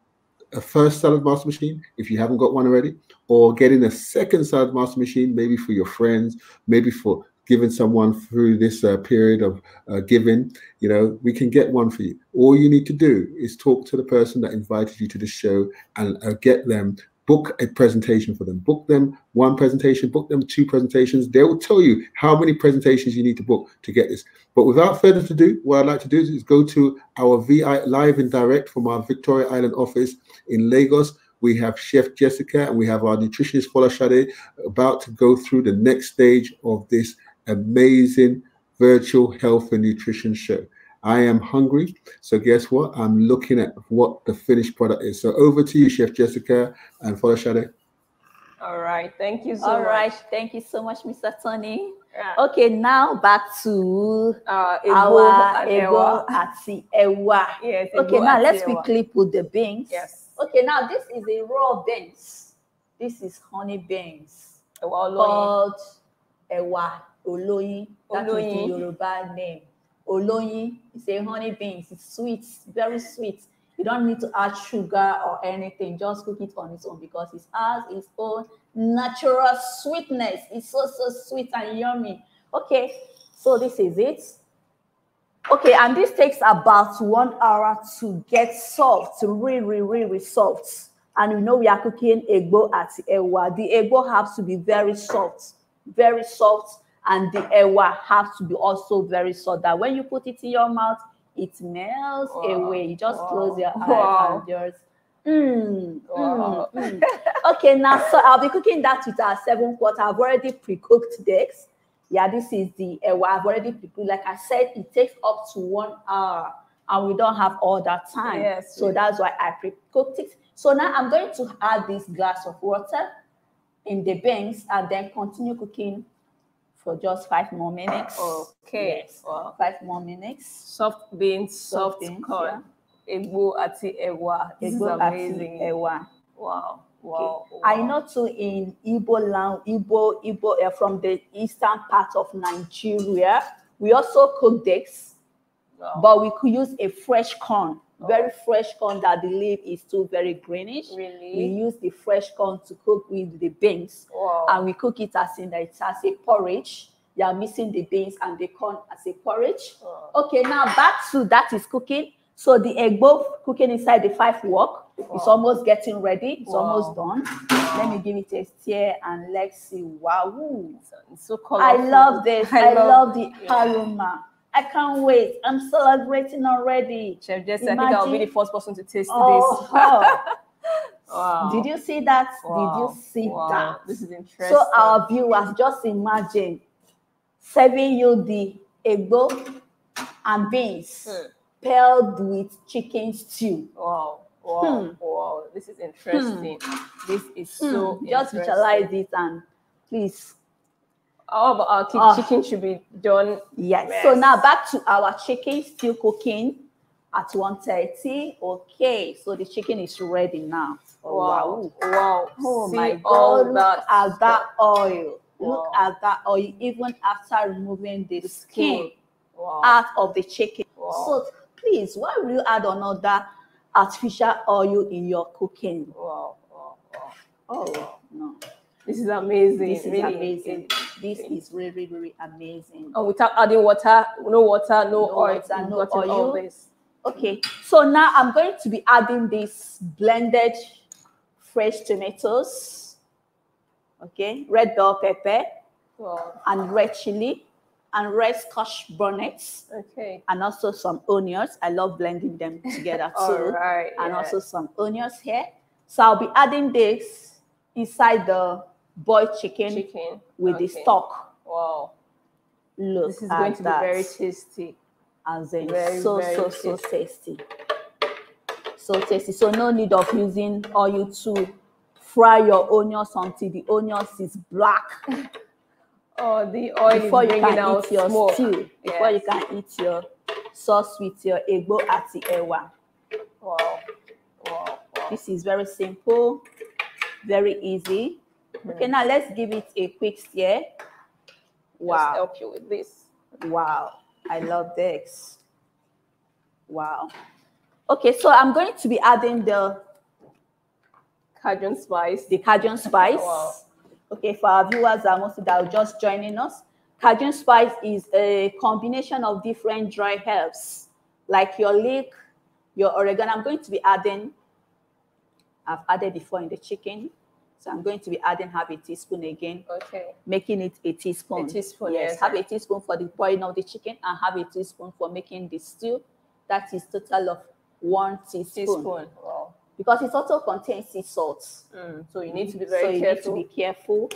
[SPEAKER 1] a first salad master machine, if you haven't got one already, or getting a second salad master machine, maybe for your friends, maybe for giving someone through this uh, period of uh, giving, you know, we can get one for you. All you need to do is talk to the person that invited you to the show and uh, get them book a presentation for them. Book them one presentation, book them two presentations. They will tell you how many presentations you need to book to get this. But without further ado, what I'd like to do is, go to our VI live and direct from our Victoria Island office in Lagos. We have Chef Jessica and we have our nutritionist Paula Shade about to go through the next stage of this amazing virtual health and nutrition show. I am hungry. So guess what? I'm looking at what the finished product is. So over to you, Chef Jessica and Father Shade.
[SPEAKER 2] All right. Thank you so All much. right. Thank you so much, Mr. Tony. Yeah. Okay, now back to uh, our ebo ati ewa. Yes, okay, now let's quickly put the beans. Yes. Okay, now this is a raw beans. This is honey beans ewa called ewa oloyin. That oloyin. is the Yoruba name. Oloyin is a honey beans. It's sweet, very sweet. You don't need to add sugar or anything. Just cook it on its own because it has its own natural sweetness. It's so, so sweet and yummy. Okay, so this is it. Okay, and this takes about one hour to get soft, really, really soft. And you know we are cooking egbo at ewa. The egbo has to be very soft, very soft and the ewa have to be also very soft that when you put it in your mouth, it melts wow. away. You just wow. close your [LAUGHS] eyes wow. and yours. Mm, wow. mm, mm. [LAUGHS] okay, now so I'll be cooking that with our seven quarter. I've already pre-cooked this. Yeah, this is the ewa. I've already pre-cooked. Like I said, it takes up to one hour, and we don't have all that time. Yes. So yes. that's why I pre-cooked it. So now I'm going to add this glass of water in the beans and then continue cooking for just five more minutes. Okay. Yes. Wow. Five more minutes. Soft beans, soft, soft beans, corn. Yeah. Egbo ati ewa. This Egbo is amazing. Ati ewa. Wow. Wow, okay. wow. I know too in Ibo land, Ibo, Ibo, uh, eh, from the eastern part of Nigeria, we also cook this, wow. but we could use a fresh corn very fresh corn that the leaf is still very greenish. Really? We use the fresh corn to cook with the beans. Wow. And we cook it as in it's as a porridge. You are missing the beans and the corn as a porridge. Wow. Okay, now back to that is cooking. So the egg both cooking inside the five wok. Wow. It's almost getting ready. It's almost done. Let me give it a stir and let's see. Wow. It's so colorful. I love this. [LAUGHS] I, I love, love, the yeah. aroma. I can't wait. I'm celebrating already. Chef Imagine. I think I'll be the first person to taste oh, this. [LAUGHS] Wow. Wow. Did you see that? Wow. Did you see wow. that? This is interesting. So our viewers, just imagine serving you the ego and beans hmm. paired with chicken stew. Wow. Wow, hmm. wow, this is interesting. Hmm. This is hmm. so Just visualize it and please how about our ah. chicken should be done? Yes. Best. So now back to our chicken still cooking at one thirty. Okay, so the chicken is ready now. Oh, wow. Wow. wow. Oh See my God, look that. at that oil. Wow. Look at that oil, even after removing the, the skin, skin. Wow. out of the chicken. So please, why will you add another artificial oil in your cooking? Wow, wow, wow. Oh, no. This is amazing. This is really, amazing. This is really, really amazing. And oh, without adding water, no water, no, no oil, water, no oil. All this. Okay, so now I'm going to be adding this blended fresh tomatoes, okay, red bell pepper, and red chili, and red scotch bonnets, okay, and also some onions. I love blending them together [LAUGHS] too. All right. and yeah. also some onions here. So I'll be adding this inside the boiled chicken, chicken. with okay. the stock. Wow. Look this is going to that. be very tasty. And then very, so very so tasty. so tasty. So tasty. So no need of using oil to fry your onions until the onions is black. [LAUGHS] Oh, the oil before you can eat your smoke. stew. Yes. Before you can eat your sauce with your egbo ati ewa. Wow. wow. Wow. This is very simple, very easy. Okay, now let's give it a quick stir. Wow. Just help you with this. Wow. I love this. Wow. Okay, so I'm going to be adding the Cajun spice. The Cajun spice. Wow. Okay, for our viewers and most that are just joining us, Cajun spice is a combination of different dry herbs, like your leek, your oregano. I'm going to be adding, I've added before in the chicken, so I'm going to be adding half a teaspoon again. Okay. Making it a teaspoon. A teaspoon. Yes, yes half a teaspoon for the boiling of the chicken and half a teaspoon for making the stew. That is total of one teaspoon. teaspoon. Wow. Because it also contains sea salt. Mm. So you need to be mm-hmm. very so you careful. need to be careful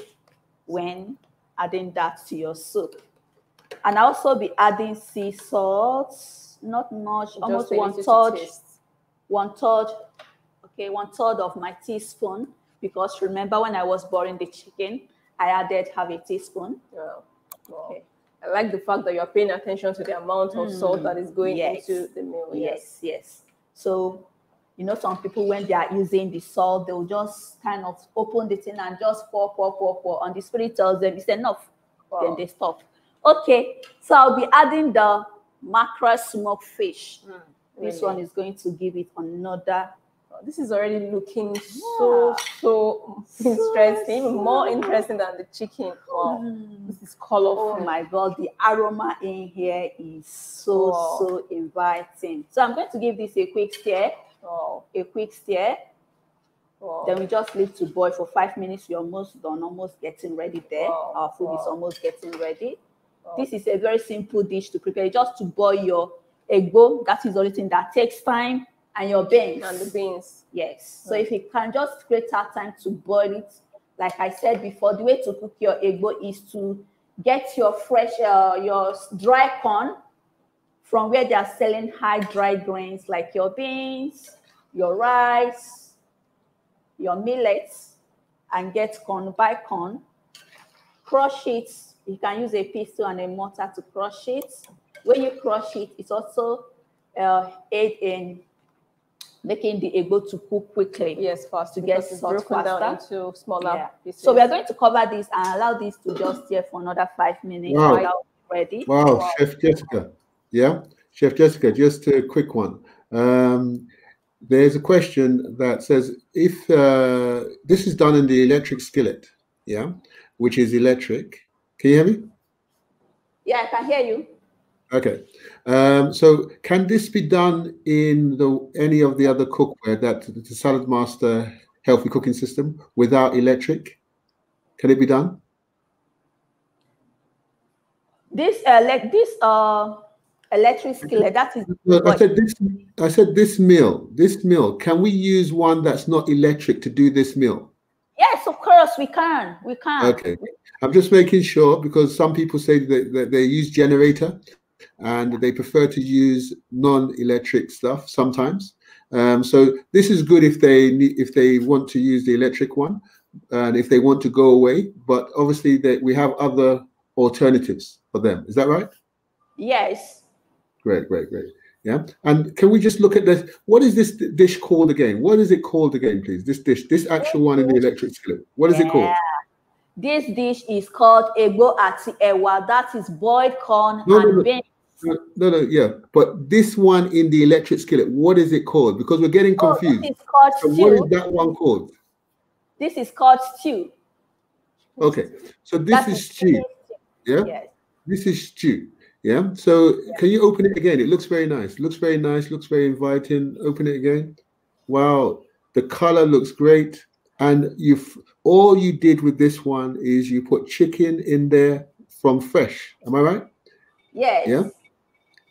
[SPEAKER 2] when adding that to your soup. And i also be adding sea salt, not much, Just almost one third, one third, okay, one third of my teaspoon because remember when I was boiling the chicken, I added half a teaspoon. Oh, wow. okay. I like the fact that you're paying attention to the amount of mm. salt that is going yes. into the meal. Yes. yes, yes. So, you know, some people, when they are using the salt, they'll just kind of open the tin and just pour, pour, pour, pour. And the spirit tells them it's enough. Wow. Then they stop. Okay, so I'll be adding the mackerel smoked fish. Mm, this one is going to give it another this is already looking yeah. so, so interesting, so, more interesting than the chicken. Wow, mm. this is colorful. Oh my god, the aroma in here is so wow. so inviting. So I'm going to give this a quick stir. Wow. A quick stir. Wow. Then we just leave to boil for five minutes. We're almost done, almost getting ready there. Wow. Our food wow. is almost getting ready. This is a very simple dish to prepare, just to boil your egg bowl. That is the only thing that takes time and your beans. And the beans. Yes. So if you can just create that time to boil it, like I said before, the way to cook your egbo is to get your fresh, uh, your dry corn from where they are selling high dry grains like your beans, your rice, your millets, and get corn by corn. Crush it. You can use a pestle and a mortar to crush it. When you crush it, it's also uh, aid in Making can be able to cook quickly. Yes, fast to get broken faster. Down into smaller yeah. pieces. So we are going to cover this and allow this to just here for another five minutes. Wow. Ready. Wow, wow,
[SPEAKER 1] Chef Jessica. Yeah, Chef Jessica, just a quick one. Um, there's a question that says if uh, this is done in the electric skillet, yeah, which is electric. Can you hear me?
[SPEAKER 2] Yeah, I can hear you.
[SPEAKER 1] Okay. Um, so can this be done in the any of the other cookware that the Salad Master healthy cooking system without electric? Can it be done?
[SPEAKER 2] This uh, like this uh electric skillet that is I
[SPEAKER 1] said this I said this meal, this meal, can we use one that's not electric to do this meal?
[SPEAKER 2] Yes, of course we can. We can. Okay.
[SPEAKER 1] I'm just making sure because some people say that, that they use generator and they prefer to use non-electric stuff sometimes. Um, so this is good if they if they want to use the electric one, and if they want to go away. But obviously, we have other alternatives for them. Is that right?
[SPEAKER 2] Yes.
[SPEAKER 1] Great, great, great. Yeah. And can we just look at this? What is this dish called again? What is it called again, please? This dish, this actual one in the electric skillet. What is yeah. it called?
[SPEAKER 2] This dish is called ego ati ewa. That is boiled corn no, and no, no. beans.
[SPEAKER 1] No, no, yeah. But this one in the electric skillet, what is it called? Because we're getting oh, confused. Oh,
[SPEAKER 2] is called so stew. What is
[SPEAKER 1] that one called?
[SPEAKER 2] This is called stew.
[SPEAKER 1] Okay. So this is stew. Yeah. This is stew. Yeah. So can you open it again? It looks very nice. Looks very nice. Looks very inviting. Open it again. Wow. The color looks great. And you've all you did with this one is you put chicken in there from fresh. Am I right? Yes. Yeah.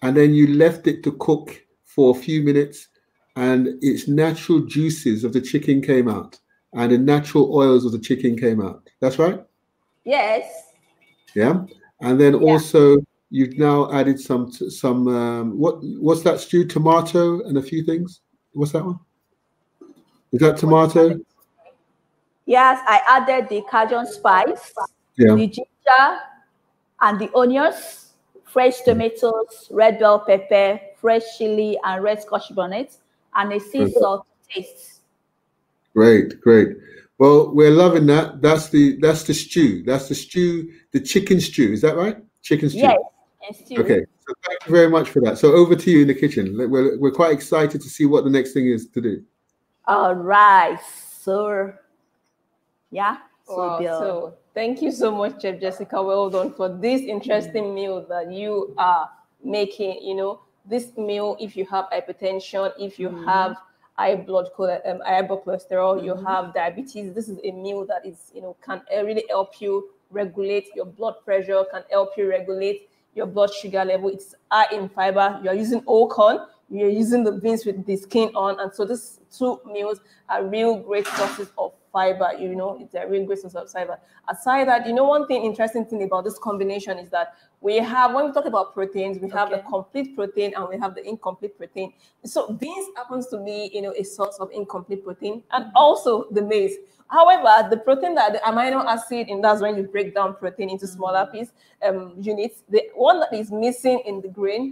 [SPEAKER 1] And then you left it to cook for a few minutes, and its natural juices of the chicken came out, and the natural oils of the chicken came out. That's right.
[SPEAKER 2] Yes.
[SPEAKER 1] Yeah. And then yeah. also you've now added some some um, what what's that stew? Tomato and a few things. What's that one? Is that tomato?
[SPEAKER 2] Yes, I added the Cajun spice, yeah. the ginger, and the onions, fresh mm. tomatoes, red bell pepper, fresh chili, and red scotch bonnet, and a sea salt taste.
[SPEAKER 1] Great, great. Well, we're loving that. That's the that's the stew. That's the stew. The chicken stew. Is that right? Chicken stew. Yes. Okay, so thank you very much for that. So over to you in the kitchen. We're, we're quite excited to see what the next thing is to do.
[SPEAKER 2] All right, sir. Yeah.
[SPEAKER 1] Wow. So, so,
[SPEAKER 2] thank you so much, Chef Jessica. Well done for this interesting mm-hmm. meal that you are making. You know, this meal, if you have hypertension, if you mm-hmm. have high blood um, high blood cholesterol, mm-hmm. you have diabetes. This is a meal that is, you know, can uh, really help you regulate your blood pressure, can help you regulate your blood sugar level. It's high in fiber. You're using whole corn. You're using the beans with the skin on, and so these two meals are real great sources of fiber, you know, it's a real great source of fiber. Aside that, you know, one thing interesting thing about this combination is that we have, when we talk about proteins, we have the complete protein and we have the incomplete protein. So beans happens to be, you know, a source of incomplete protein and mm-hmm. also the maize. However, the protein that the amino acid, and that's when you break down protein into smaller mm -hmm. piece um, units, the one that is missing in the grain,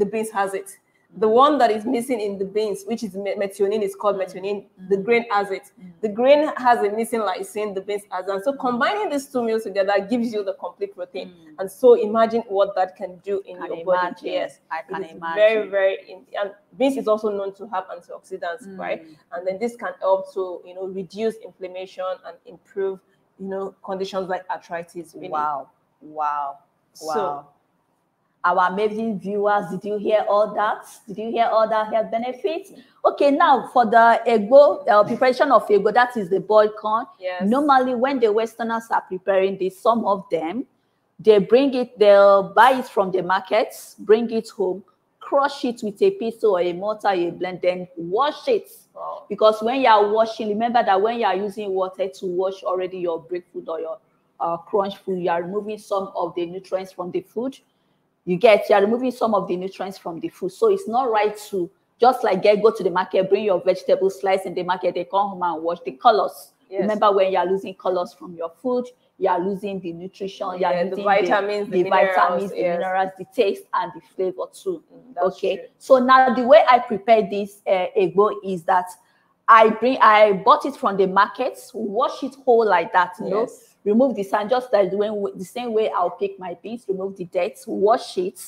[SPEAKER 2] the beans has it the one that is missing in the beans, which is methionine, is called methionine. Mm. The grain has it. Mm. The grain has a missing lysine, the beans has. And so mm. combining these two meals together gives you the complete protein. Mm. And so imagine what that can do in can your imagine. body. Yes, I can imagine. Very, very. In, and beans is also known to have antioxidants, mm. right? And then this can help to you know reduce inflammation and improve you know conditions like arthritis. Really. Wow, wow, wow. So, our amazing viewers. Did you hear all that? Did you hear all that health benefits? Okay, now for the ego, uh, preparation of ego, that is the boiled corn. Yes. Normally, when the Westerners are preparing this, some of them, they bring it, they'll buy it from the markets, bring it home, crush it with a pistol or a mortar, a blend, then wash it. Wow. Because when you are washing, remember that when you are using water to wash already your breakfast food or your uh, crunch food, you are removing some of the nutrients from the food you get, you are removing some of the nutrients from the food. So it's not right to just like get go to the market, bring your vegetable slice in the market, they come home and wash the colors. Yes. Remember when you are losing colors from your food, you are losing the nutrition, you are yeah, losing the vitamins, the, the, the vitamins, minerals, the yes. minerals, the taste, and the flavor too. Mm, okay. True. So now the way I prepare this uh, eh, ego is that I bring I bought it from the markets, wash it whole like that, you yes. know remove the sand, just like doing the same way I'll pick my beans, remove the dirt, wash it.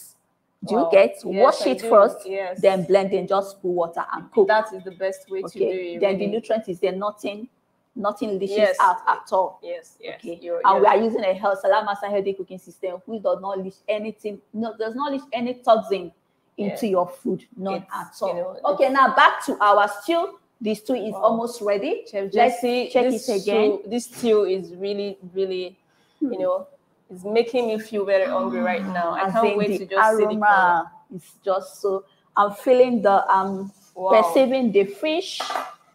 [SPEAKER 2] Do wow. you get yes, wash I it do. first, yes. then blend in, just cool water and cook. That is the best way okay. to do it. Then really. the nutrient is there, nothing nothing leaches yes. out at all. Yes, yes. Okay. You're, and you're we are using a health salamasa healthy cooking system who does not leach anything, no, does not leach any toxin into yes. your food, none it's, at all. You know, okay, now back to our stew. This stew is wow. almost ready. Chef see. check it again. Stew, this stew is really, really, you know, it's making me feel very hungry right now. I As can't wait to just see the color. It's just so I'm feeling the I'm um, wow. perceiving the fish,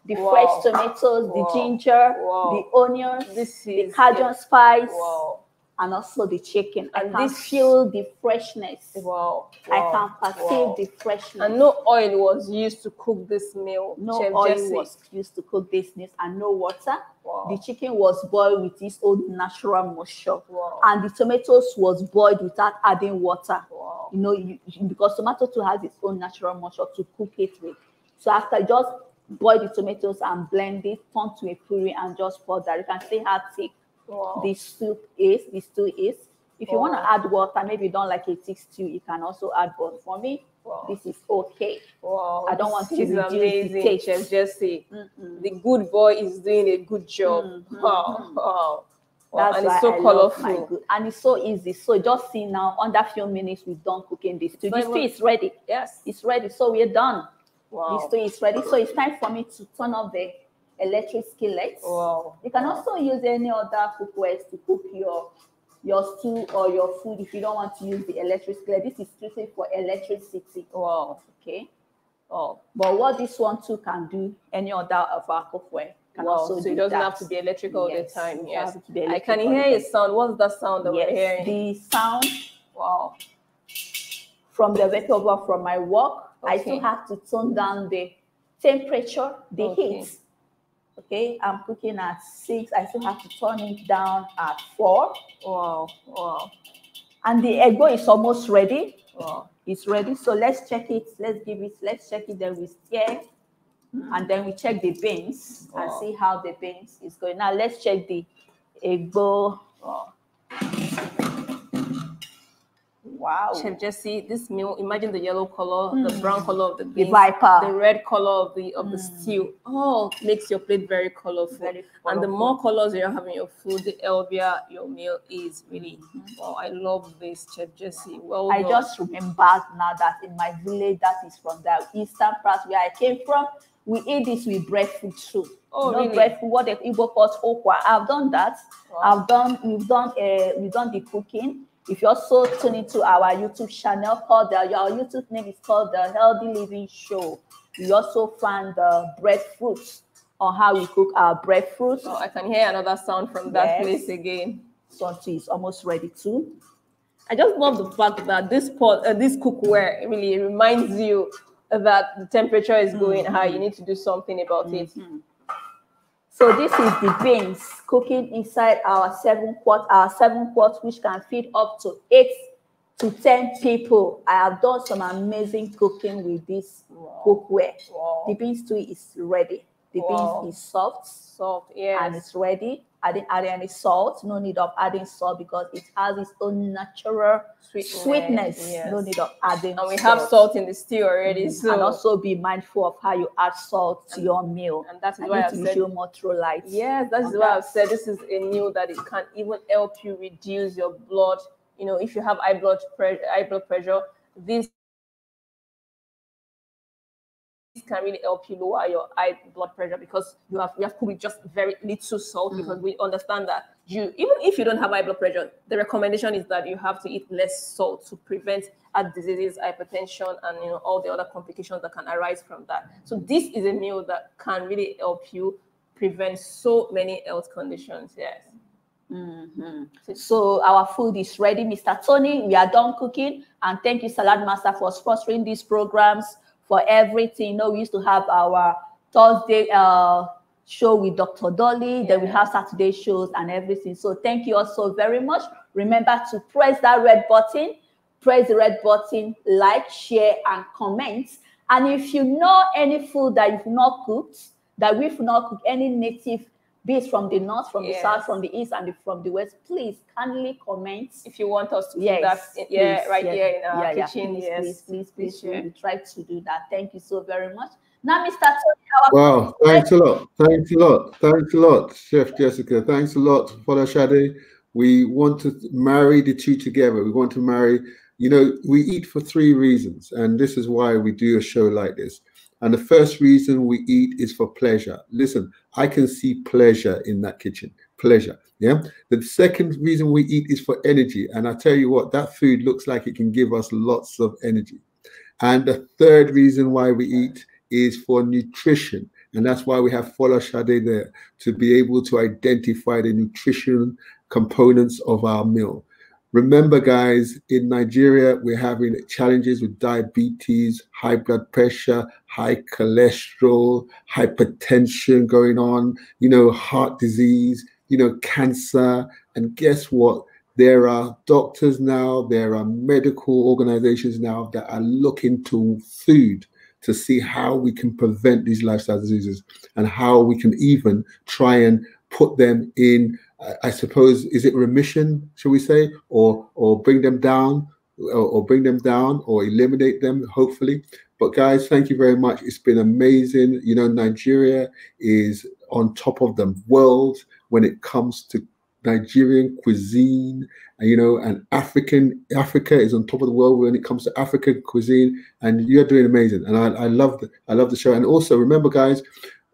[SPEAKER 2] the wow. fresh tomatoes, wow. the ginger, the onions, this is, the Cajun yeah. spice. Wow and also the chicken. And I can this, feel the freshness. Wow, wow I can perceive wow. the freshness. And no oil was used to cook this meal. No Chef oil Jesse. was used to cook this meal, and no water. Wow. The chicken was boiled with its own natural moisture, wow. and the tomatoes was boiled without adding water. Wow. You know, you, because tomato too has its own natural moisture to cook it with. So after just boil the tomatoes and blend it, turn to a puree and just pour that. You can see how thick this soup is, This stew is. If you want to add water, maybe you don't like a thick stew, you can also add water. For me, wow. this is okay. Wow, I don't want to be amazing. the Just say mm the good boy is doing a good job. Mm-hmm. Wow, Wow. Mm-hmm. That's and it's so I colorful. and it's so easy. So just see now, under few minutes, we're done cooking this. So this stew is ready. Yes. It's ready. So we're done. Wow. This stew is ready. So it's time for me to turn off the electric skillet. Wow. You can wow. also use any other cookware to cook your your stew or your food if you don't want to use the electric skillet. This is strictly for electricity. Wow. Okay. Oh, but what this one too can do, any other of our cookware wow. so it doesn't that. have to be electric all yes. the time. Yes, I can hear a sound. What's that sound that yes. we're hearing? The sound, wow, from the vapor from my work. Okay. I still have to tone down the temperature, the okay. heat, Okay, I'm cooking at six. I still have to turn it down at four. Or, or, and the ego is almost ready. Or it's ready. So let's check it. Let's give it. Let's check it. Then we stir, and then we check the beans and see how the beans is going. Now let's check the ego. Wow. Chef, Jesse, this meal. Imagine the yellow color, mm. the hmm. brown color of the beans, the viper, the red color of the of mm. the hmm. stew. All oh, makes your plate very colorful. very colorful. And the more colors you have in your food, the healthier your meal is. Really. Mm. Wow, I love this, Chef Jesse. Well, I done. just remembered now that in my village, that is from the eastern part where I came from, we eat this with breadfruit soup. Oh, not really? breadfruit. What the Igbo calls okwa. I've done that. Wow. I've done. We've done. Uh, we've done the cooking if you're also tune into our YouTube channel called the, your YouTube name is called the Healthy Living Show. You also find the breadfruit on how we cook our breadfruit. Oh, I can hear another sound from that yes. place again. Something is almost ready too. I just love the fact that this pot, uh, this cookware really reminds you that the temperature is going mm -hmm. high. You need to do something about mm -hmm. it. Mm-hmm. So this is the beans cooking inside our seven quart. our seven quart, which can feed up to eight to 10 people. I have done some amazing cooking with this wow. cookware. Wow. The beans too is ready. The wow. beans is soft, soft, yeah, and it's ready adding, adding any salt. No need of adding salt because it has its own natural sweetness. sweetness. Yes. No need of adding. And we salt. have salt in the stew already. Mm -hmm. So. And also be mindful of how you add salt to and, your meal. And that's why I've said more through light. Yes, that's why I've said this is a meal that it can even help you reduce your blood. You know, if you have high blood pressure, high blood pressure, this can really help you lower your high blood pressure because you have we have cooked just very little salt mm. because we understand that you even if you don't have high blood pressure, the recommendation is that you have to eat less salt to prevent heart diseases, hypertension, and you know all the other complications that can arise from that. So this is a meal that can really help you prevent so many health conditions. Yes. Mm-hmm. So our food is ready, Mr. Tony. We are done cooking, and thank you, Salad Master, for sponsoring these programs for everything. You know, we used to have our Thursday uh, show with Dr. Dolly, yeah. then we have Saturday shows and everything. So thank you all so very much. Remember to press that red button, press the red button, like, share, and comment. And if you know any food that you've not cooked, that we've not cooked, any native be it from the north, from yes. the south, from the east, and the, from the west, please kindly comment. If you want us to yes, do that, yeah, please, right yes, here in our yeah, kitchen. Yeah. Please, yes. please, please, please, please, we try to do that. Thank you so very much. Now, Mr. Tony,
[SPEAKER 1] wow, thanks a lot. Thanks a lot. Thanks a lot, Chef Jessica. Thanks a lot, Father Shade. We want to marry the two together. We want to marry, you know, we eat for three reasons. And this is why we do a show like this. And the first reason we eat is for pleasure. Listen, I can see pleasure in that kitchen. Pleasure. Yeah. The second reason we eat is for energy. And I tell you what, that food looks like it can give us lots of energy. And the third reason why we eat is for nutrition. And that's why we have Fola Shade there to be able to identify the nutrition components of our meal. Remember, guys, in Nigeria, we're having challenges with diabetes, high blood pressure, high cholesterol, hypertension going on, you know, heart disease, you know, cancer. And guess what? There are doctors now, there are medical organizations now that are looking to food to see how we can prevent these lifestyle diseases and how we can even try and put them in I suppose is it remission, shall we say, or or bring them down, or, or, bring them down, or eliminate them, hopefully. But guys, thank you very much. It's been amazing. You know, Nigeria is on top of the world when it comes to Nigerian cuisine, and you know, and African Africa is on top of the world when it comes to African cuisine. And you're doing amazing. And I, I love the, I love the show. And also remember, guys,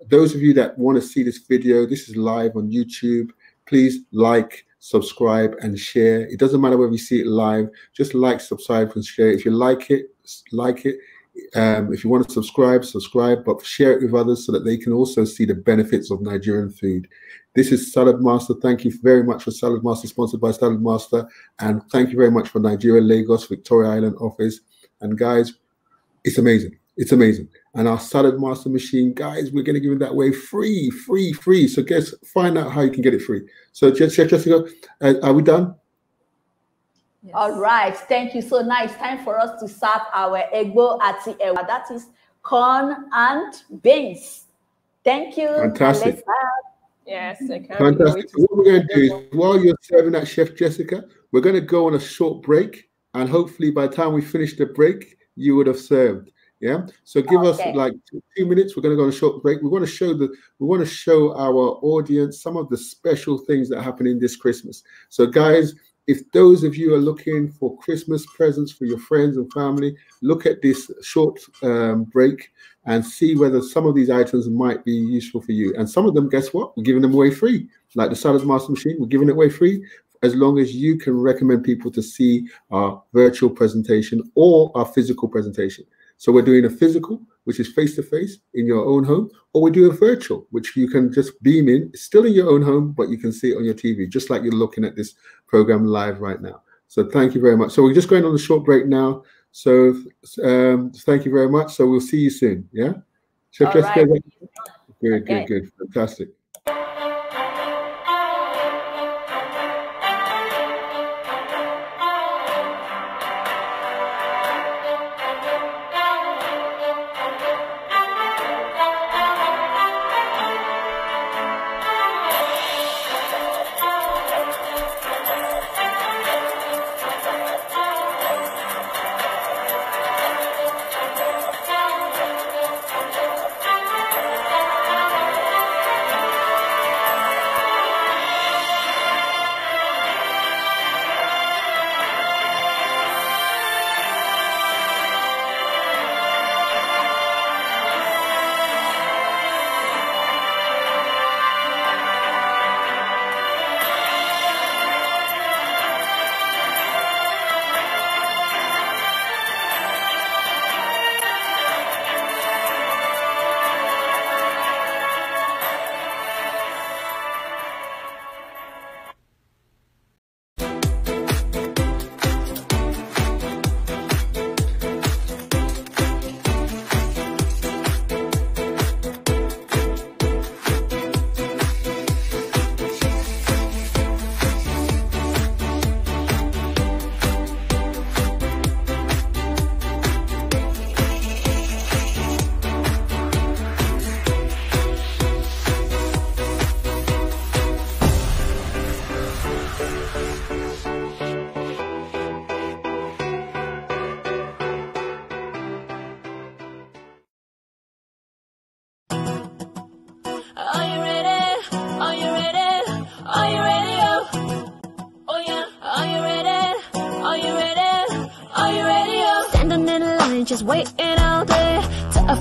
[SPEAKER 1] those of you that want to see this video, this is live on YouTube please like, subscribe, and share. It doesn't matter whether you see it live, just like, subscribe, and share. If you like it, like it. Um, if you want to subscribe, subscribe, but share it with others so that they can also see the benefits of Nigerian food. This is Salad Master. Thank you very much for Salad Master, sponsored by Salad Master. And thank you very much for Nigeria, Lagos, Victoria Island office. And guys, it's amazing. It's amazing. And our salad master machine, guys, we're going to give it that way free, free, free. So guess, find out how you can get it free. So Jessica, Jessica uh, are we done?
[SPEAKER 2] Yes. All right. Thank you. So now it's time for us to serve our egbo ati ewa. That is corn and beans. Thank you. Fantastic. Yes, Fantastic. What we're going to do is
[SPEAKER 1] while you're serving that, Chef Jessica, we're going to go on a short break. And hopefully by the time we finish the break, you would have served. Yeah. So give okay. us like two, minutes. We're going to go on a short break. We want to show the we want to show our audience some of the special things that happen in this Christmas. So guys, if those of you are looking for Christmas presents for your friends and family, look at this short um, break and see whether some of these items might be useful for you. And some of them, guess what? We're giving them away free. Like the Salad Master Machine, we're giving it away free as long as you can recommend people to see our virtual presentation or our physical presentation. So we're doing a physical, which is face to face in your own home, or we do a virtual, which you can just beam in, it's still in your own home, but you can see it on your TV, just like you're looking at this program live right now. So thank you very much. So we're just going on a short break now. So um, thank you very much. So we'll see you soon. Yeah. So All Jessica, right. good, okay. good, good. Fantastic.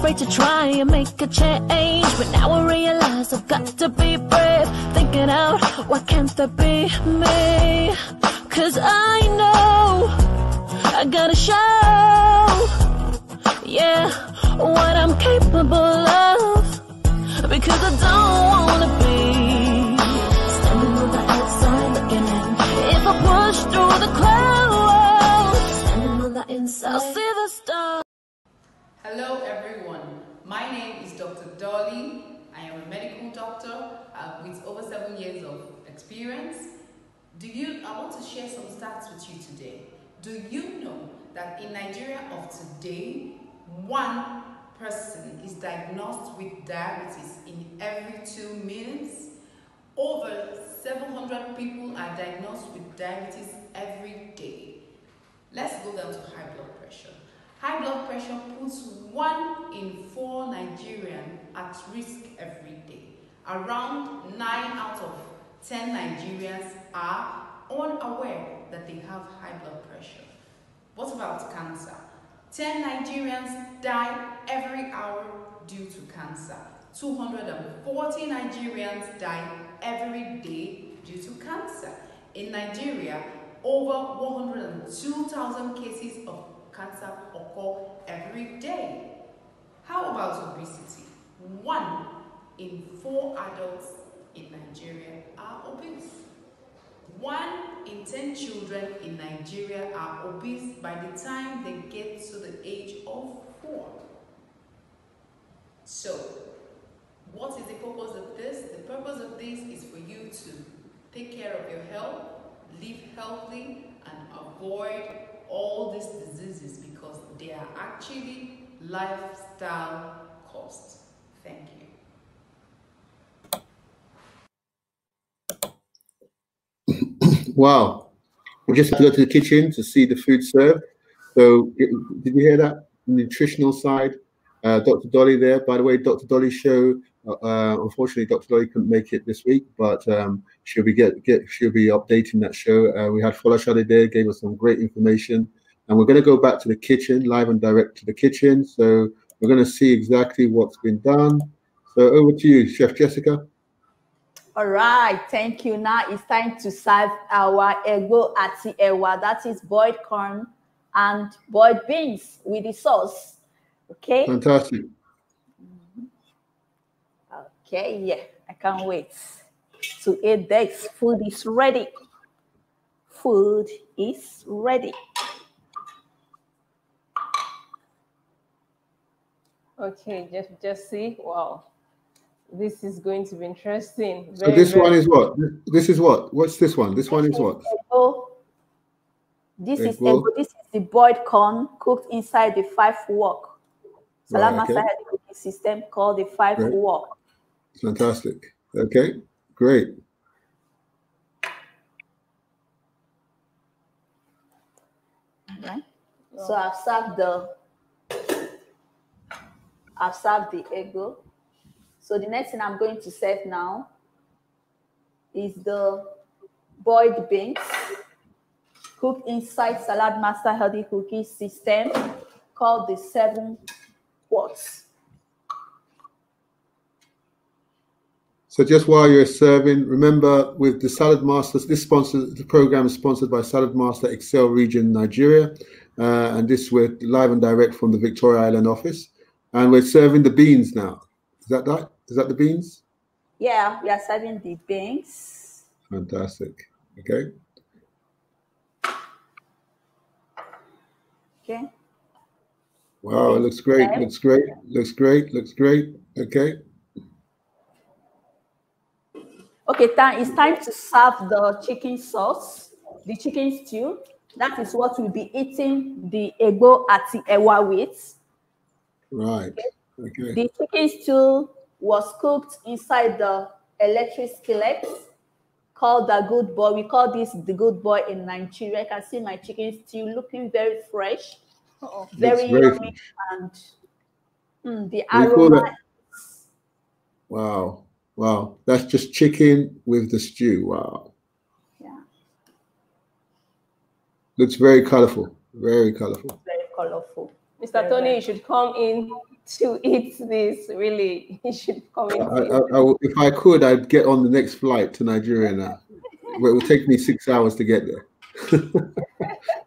[SPEAKER 2] afraid to try and make a change. But now I realize I've got to be brave. Thinking out, why can't that be me? Cause I know I gotta show, yeah, what I'm capable of. Because I don't want
[SPEAKER 3] doctor uh, with over seven years of experience. Do you? I want to share some stats with you today. Do you know that in Nigeria of today, one person is diagnosed with diabetes in every two minutes? Over 700 people are diagnosed with diabetes every day. Let's go down to high blood pressure. High blood pressure puts one in four Nigerian at risk every Around 9 out of 10 Nigerians are unaware that they have high blood pressure. What about cancer? 10 Nigerians die every hour due to cancer. 240 Nigerians die every day due to cancer. In Nigeria, over 102,000 cases of cancer occur every day. How about obesity? One in four adults in Nigeria are obese. One in 10 children in Nigeria are obese by the time they get to the age of four. So, what is the purpose of this? The purpose of this is for you to take care of your health, live healthy, and avoid all these diseases because they are
[SPEAKER 1] actually
[SPEAKER 3] lifestyle costs.
[SPEAKER 1] Wow. We just have to go to the kitchen to see the food served. So did you hear that? nutritional side, uh, Dr. Dolly there. By the way, Dr. Dolly's show. Uh, uh unfortunately, Dr. Dolly couldn't make it this week, but um, she'll be get, get she'll be updating that show. Uh, we had Folashade there, gave us some great information, and we're going to go back to the kitchen, live and direct to the kitchen. So we're going to see exactly what's been done. So over to you, Chef Jessica.
[SPEAKER 2] All right, thank you. Now it's time to serve our ego ati ewa. That is boiled corn and boiled beans with the sauce. Okay. Fantastic. Okay, yeah, I can't wait to eat this. Food is ready. Food is ready. Okay, just just see. Wow. This is going to be interesting. Very, so this very one is what?
[SPEAKER 1] This is what? What's this one? This one is what?
[SPEAKER 2] Ego. This ego. is ego. This is the boiled corn cooked inside the five wok. Salam right, okay. a system called the five right. wok.
[SPEAKER 1] Fantastic. Okay, great.
[SPEAKER 2] So I've served the I've served the ego. So the next thing I'm going to serve now is the boiled beans cooked inside Salad Master Healthy Cookie system called the seven quarts.
[SPEAKER 1] So just while you're serving, remember with the Salad Masters, this sponsor, the program is sponsored by Salad Master Excel Region Nigeria, uh, and this we're live and direct from the Victoria Island office, and we're serving the beans now. Is that right? Is that the beans?
[SPEAKER 2] Yeah, we are serving the beans.
[SPEAKER 1] Fantastic. Okay. Okay. Wow, it looks great. Okay. Looks great. Looks great. Looks great. Okay.
[SPEAKER 2] Okay, it's time to serve the chicken sauce, the chicken stew. That is what we'll be eating the ego at the ewa with.
[SPEAKER 1] Right. Okay. okay. The
[SPEAKER 2] chicken stew was cooked inside the electric skillet called the good boy. We call this the good boy in Nigeria. I can see my chicken still looking very fresh, oh, very, very fresh. and mm, the aroma.
[SPEAKER 1] Wow, wow, that's just chicken with the stew. Wow. Yeah. Looks very colorful. Very colorful. Very
[SPEAKER 2] colorful. Mr. Very Tony, you should come in to eat this. Really, you should come.
[SPEAKER 1] I, I, I, if I could, I'd get on the next flight to Nigeria now. it will take me six hours to get there. [LAUGHS]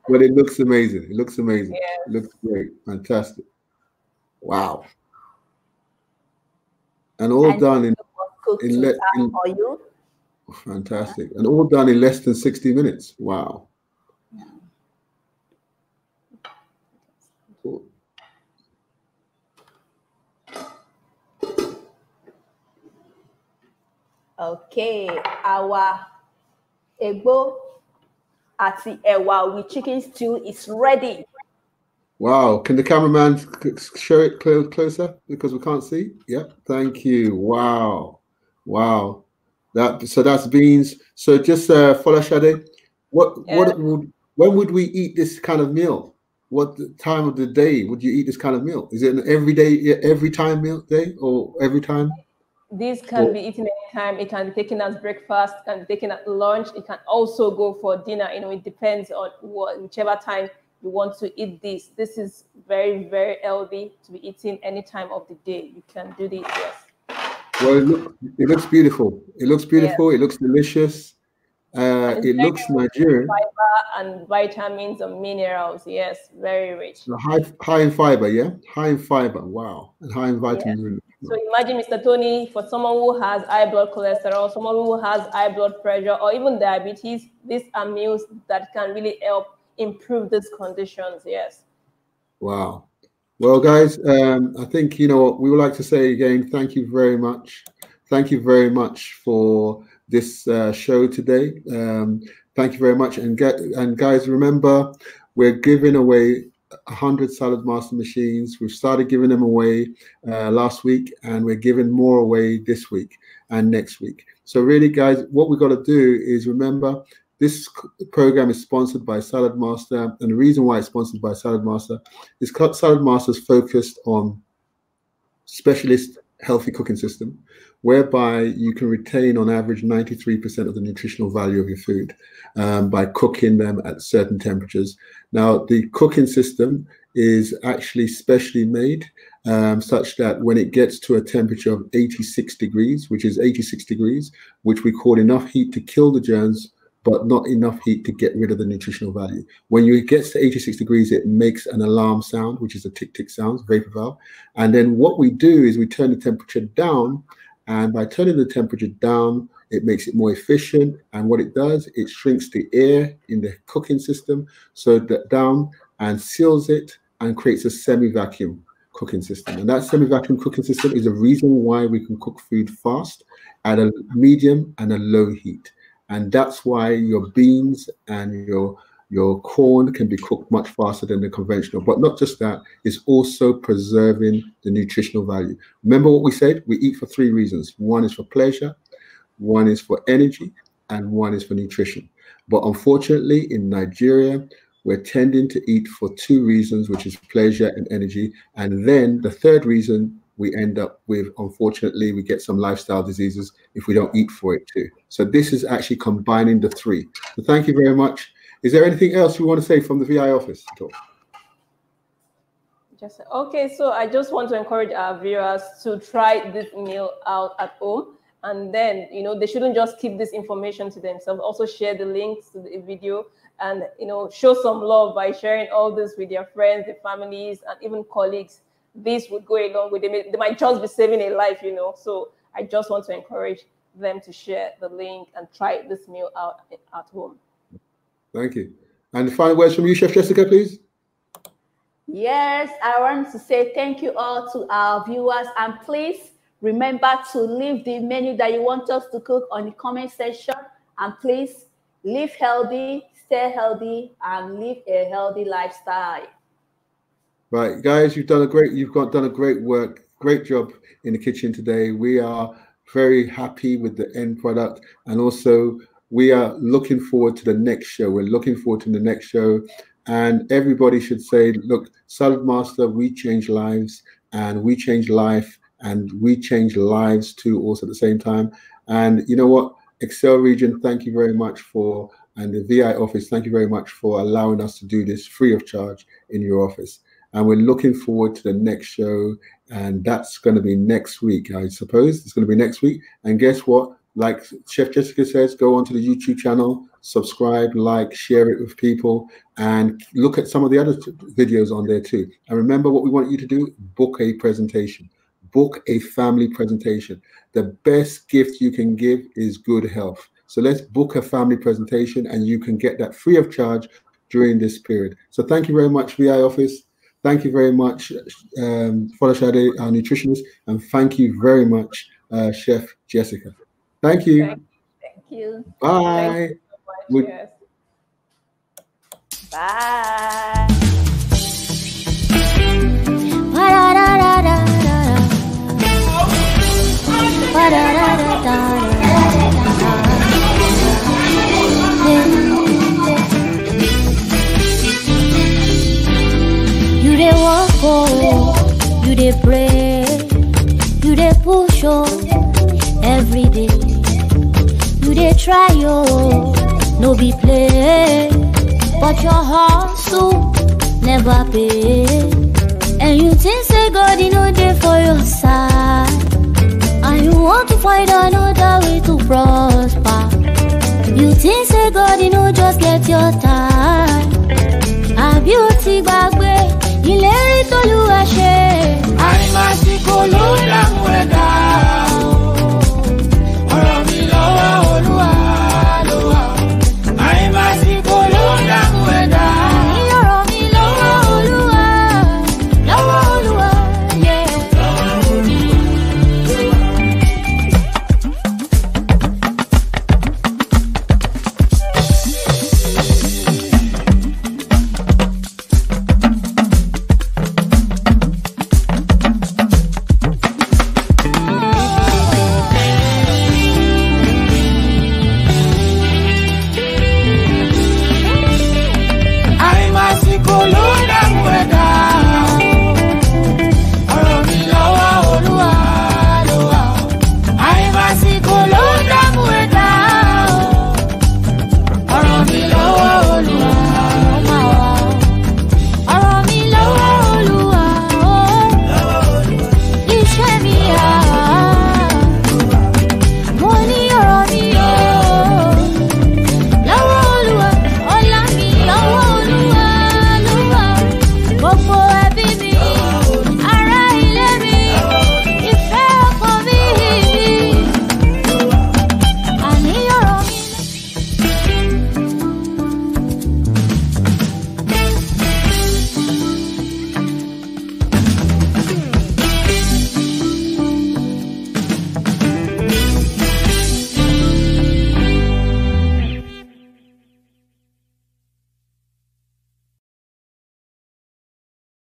[SPEAKER 1] but it looks amazing. It looks amazing. Yes. It looks great. Fantastic. Wow. And all and done in, in, le- in, fantastic. And all done in less than 60 minutes. Wow.
[SPEAKER 2] Okay, our egbo ati ewa with chicken stew is ready.
[SPEAKER 1] Wow, can the cameraman show it closer because we can't see? Yep, thank you. Wow, wow. That so that's beans. So just uh, follow Shade. What yeah. what would when would we eat this kind of meal? What time of the day would you eat this kind of meal? Is it an everyday every time meal day or every time?
[SPEAKER 2] This can be eaten anytime. It can be taken as breakfast, can be taken at lunch. It can also go for dinner. You know, it depends on what, whichever time you want to eat this. This is very, very healthy to be eating any time of the day. You can do this. Yes.
[SPEAKER 1] Well, it, look, it looks beautiful. It looks beautiful. Yes. It looks delicious. Uh, it looks Nigerian. Fiber
[SPEAKER 2] and vitamins and minerals. Yes, very rich.
[SPEAKER 1] So high, high in fiber. Yeah, high in fiber. Wow, and high in vitamins. Yes.
[SPEAKER 2] So imagine, Mr. Tony, for someone who has high blood cholesterol, someone who has high blood pressure, or even diabetes, these are meals that can really help improve these conditions. Yes.
[SPEAKER 1] Wow. Well, guys, um, I think you know what we would like to say again. Thank you very much. Thank you very much for this uh, show today. Um, thank you very much, and get and guys, remember we're giving away 100 Salad Master machines. We've started giving them away uh, last week, and we're giving more away this week and next week. So, really, guys, what we've got to do is remember this program is sponsored by Salad Master, and the reason why it's sponsored by Salad Master is Salad is focused on specialist healthy cooking system whereby you can retain on average 93% of the nutritional value of your food um, by cooking them at certain temperatures. Now, the cooking system is actually specially made um, such that when it gets to a temperature of 86 degrees, which is 86 degrees, which we call enough heat to kill the germs but not enough heat to get rid of the nutritional value. When it gets to 86 degrees, it makes an alarm sound, which is a tick tick sound, vapor valve. And then what we do is we turn the temperature down. And by turning the temperature down, it makes it more efficient. And what it does, it shrinks the air in the cooking system so that down and seals it and creates a semi vacuum cooking system. And that semi vacuum cooking system is the reason why we can cook food fast at a medium and a low heat and that's why your beans and your your corn can be cooked much faster than the conventional. But not just that, it's also preserving the nutritional value. Remember what we said? We eat for three reasons. One is for pleasure, one is for energy, and one is for nutrition. But unfortunately, in Nigeria, we're tending to eat for two reasons, which is pleasure and energy. And then the third reason we end up with, unfortunately, we get some lifestyle diseases if we don't eat for it too. So this is actually combining the three. So thank you very much. Is there anything else you want to say from the VI office at all?
[SPEAKER 2] Just, okay, so I just want to encourage our viewers to try this meal out at home. And then, you know, they shouldn't just keep this information to themselves. Also share the links to the video and, you know, show some love by sharing all this with your friends, their families, and even colleagues this would go along with them. They might just be saving a life, you know. So I just want to encourage them to share the link and try this meal out at home.
[SPEAKER 1] Thank you. And final words from you, Chef Jessica, please.
[SPEAKER 2] Yes, I want to say thank you all to our viewers. And please remember to leave the menu that you want us to cook on the comment section. And please live healthy, stay healthy, and live a healthy lifestyle.
[SPEAKER 1] Right, guys, you've done a great you've got done a great work, great job in the kitchen today. We are very happy with the end product and also we are looking forward to the next show. We're looking forward to the next show. And everybody should say, look, Salad Master, we change lives and we change life and we change lives too, also at the same time. And you know what? Excel Region, thank you very much for, and the VI office, thank you very much for allowing us to do this free of charge in your office and we're looking forward to the next show. And that's going to be next week, I suppose. It's going to be next week. And guess what? Like Chef Jessica says, go onto the YouTube channel, subscribe, like, share it with people, and look at some of the other t- videos on there too. And remember what we want you to do book a presentation, book a family presentation. The best gift you can give is good health. So let's book a family presentation, and you can get that free of charge during this period. So thank you very much, VI Office. Thank you very much, um, Folashade, our nutritionist, and thank you very much, uh, Chef Jessica. Thank you. Thank, thank you. Bye. Thank you so much, we yes. Bye.
[SPEAKER 3] pray you dey push oh every day you dey try oh no be play but your hustle never pay
[SPEAKER 1] and you think say god you no dey for your side and you want to find another way to prosper you think say
[SPEAKER 3] god you no just get your time A beauty way. ìlérí tolúwa ṣe. àìmásìkò ló dààmú ẹ̀dá.